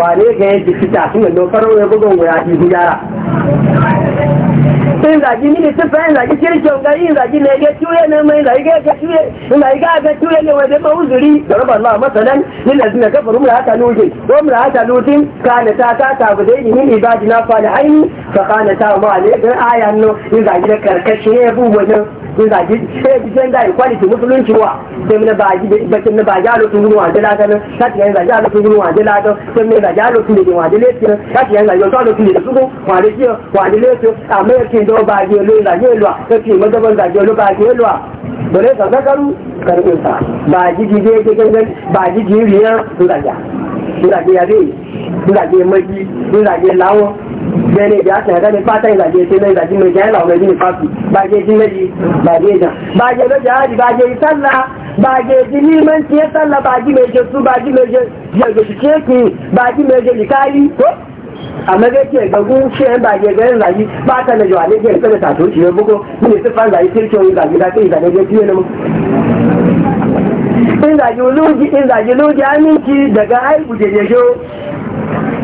ba ne ga yadda kita suna dokar wani bugun guda ihu yara in zagi mini tufa in zagi kirkin gari in zagi ne ga tuye ne mai zagi ga ga tuye in ga ga tuye ne wajen ba da rabar Allah masalan lilla zina kafar umra haka lutin ko umra haka lutin kana ta ta ta gude ni min ibadi na fa da aini fa kana ta ma ne ga aya no in zagi da karkashin ya bu wajen in zagi sai bijan da equality musulunci wa sai mun ba ji bakin na ba ja lo tun ruwa da ladan ta ta yan zagi lo tun ruwa da ladan sai mun da ja lo tun da lekin ta ta yan zagi lo tun su ko wa da ji wa da lekin amma yake dawo ba je lo da je lo ka lo ba lo sa ba ji ji ba ji ji riya da ya da ya dai da je maji da lawo bẹ́ẹ̀ni ìjà àtẹ̀yẹ̀ká ní pátá ìlàjì ètò ilẹ̀ ìlàjì méjì àìlà ọ̀rẹ́ ìdílé pàtó bàjẹ́ ìdí méjì bàjẹ́ ìjà bàjẹ́ lọ́jà àdì bàjẹ́ ìsálà bàjẹ́ ìdí ní mẹ́ntì ẹ̀sálà bàjẹ́ méjì tún bàjẹ́ méjì jẹ̀gbẹ̀sì kéèkì bàjẹ́ méjì nìkáyí tó amma dai ke ga gushe yan ba ga garin rayi ba ta na jawa ne kada ta to shi ne bugo ne su fan rayi sai ke zagi da kai da ne ga mu in zagi luji in zagi luji aminci daga ai gujejejo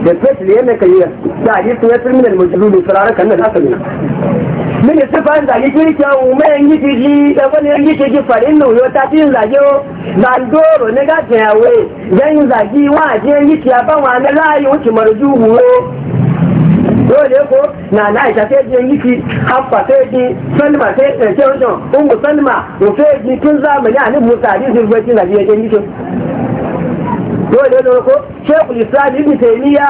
da fesu ne mai kayyar da hadisi ya tsirmin al-mujlumi firaraka nan asali mini sifan zage kirkin umarin yi jiji da wani yi jiji e farin nuyo ta na zage o zandoro ne ga jayawe yan zagi wa je yi tiya ban wa na ko na na aisha e sai e je yi ki haffa sai ji a nubu ji zirgin shi na biya je yi ki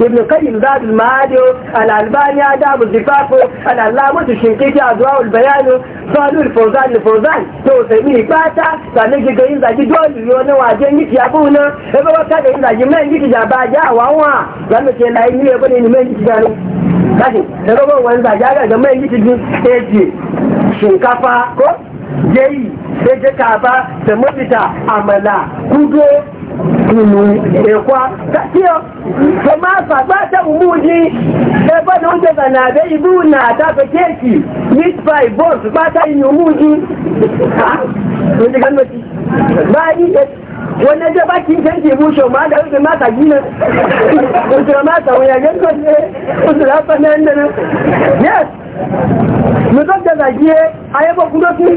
ibn qayyim zadul ma'adi al albani adab al zifaf al allama shinkiti azwa al bayan salu al fawzan al fawzan to sai mi bata sanin ki ga inda ki dole yo na waje ni ki abuna e ba ka da inda ki men ki ja ba ja wa wa zan ce lai ni ba ne ni men ki ja ni kashi da ba wanda ja ga men ki ji eji shinkafa ko jeyi sai ka ba da mafita amala kudo nínú ẹ̀kọ́ tí ó tó máa fàgbá tẹ́bùmú ní ẹgbẹ́ ní oúnjẹ gbà náà bẹ́ ibú náà tàbí kéèkì nípa ìbọ́s pátá inú mú ní wọ́n bá kí n máa máa tàbí náà òṣèrè máa tàwọn ń náà yes jẹ́ tàbí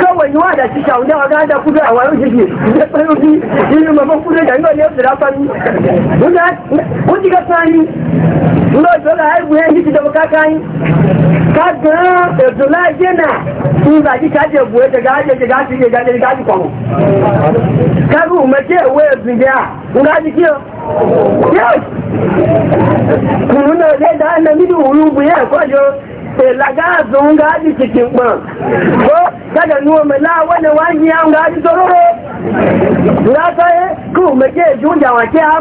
kawai ni wada ci ta wanda ga da kudu a wayo jiki da tsaro ji ni ma kudu da ngol yau da fani wanda wanda ga fani ndo dola ai bu yanki da ka kai ka ga da dola jena in ba ji ta je buwe da ga je ga ji ga ji ga ji kwamo ka ru ma je we biya nga ji kiyo kuma ne da na midu uyu bu ko kwajo laga zun ga ji cikin ɓan ko daga nuwa mai lawane wani yawon ga tororo tsaye ku meke jun da a ya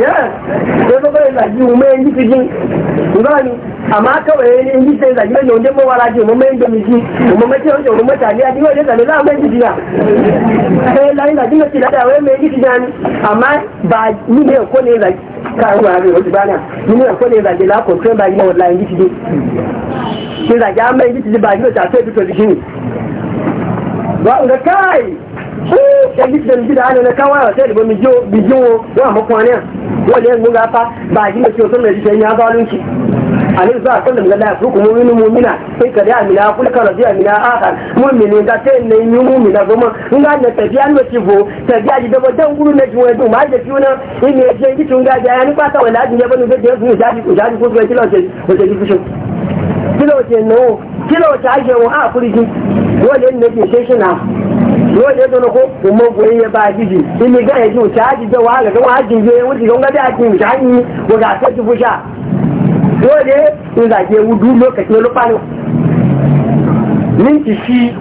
ya zo bai zagi ume yi cikin gani amma kawai ne yi sai zagi mai yawon mawara ji ume yi domiji ume yawon mutane a diwa ne za a mai ji jiya sai lai wai mai ji amma ba ni ne ko ne zagi karuwa ne wajen bana ni ne ko ne zagi ba wallahi ji shi zage an mai gidi ba gina tafiya fito jiki ne ba ga kai ya gidi da gida ana na kawai wa sai da mu jiwo bijiwo wa makwaniyar wanda ya guga fa ba gina ciwo sun mai jiki ya zalunci alaihi za a sallam ga lafi kuma wani mumina sai ka da amina kula ka rajiya amina akan mumini ga sai ne yi mumina kuma in ga ne tafiya ne ci bo tafiya ji da wajen guru na ji wani ma da fiye na in ne je ki tun da ya ni kwata wala ajin ya bani da ya fi jaji ku jaji ku kilo ce wace ji fushin kilo ce no kilo ce ake wa a kurji dole ne ke sheshe na dole ya zana ko kuma goyi ya ba jiji in ni ga ya ji wuce haji da wahala ga wajen je wuce ga ga da ya ci ga dole in zage wudu lokacin lupa minti shi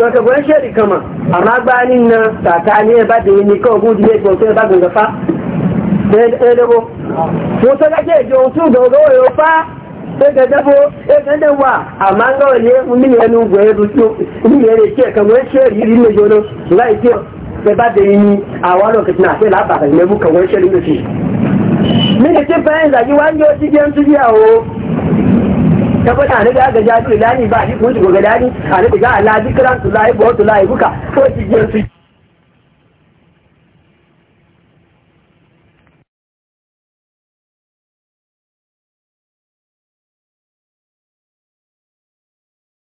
lọ́sọ̀ bọ́ ṣe rí kan mọ̀ àmọ́ agbá nínú tàtà ní ẹ̀bá tèmi ta kọ́ ogún ìdílé ìgbọ̀n tó ẹ̀bá gbọ̀ngàn fa ẹ̀ẹ́dẹ́gbọ́. mo sọ lẹ́jẹ́ ìjọ ohun tí ìgbọ̀n owó yóò fa ẹ̀ẹ́dẹ́gbọ́ ẹ̀ẹ́dẹ́ wà àmọ́ náà ní mímì ẹnu gbọ̀n ẹ̀rù tó mímì ẹ̀rù tí ẹ̀kan mọ̀ ṣe rí rí lójó láì tí ẹ̀bá tèmi ní àwọn ọlọ́kẹ̀tì náà fẹ́ lábàtà ìmẹ̀mú kan wọ́n ṣe rí lójó. mi tabbata a naga ga jafi lani ba shi kun shigo ga lani a naga ga Allah zikran tu lai bo tu lai buka ko shi su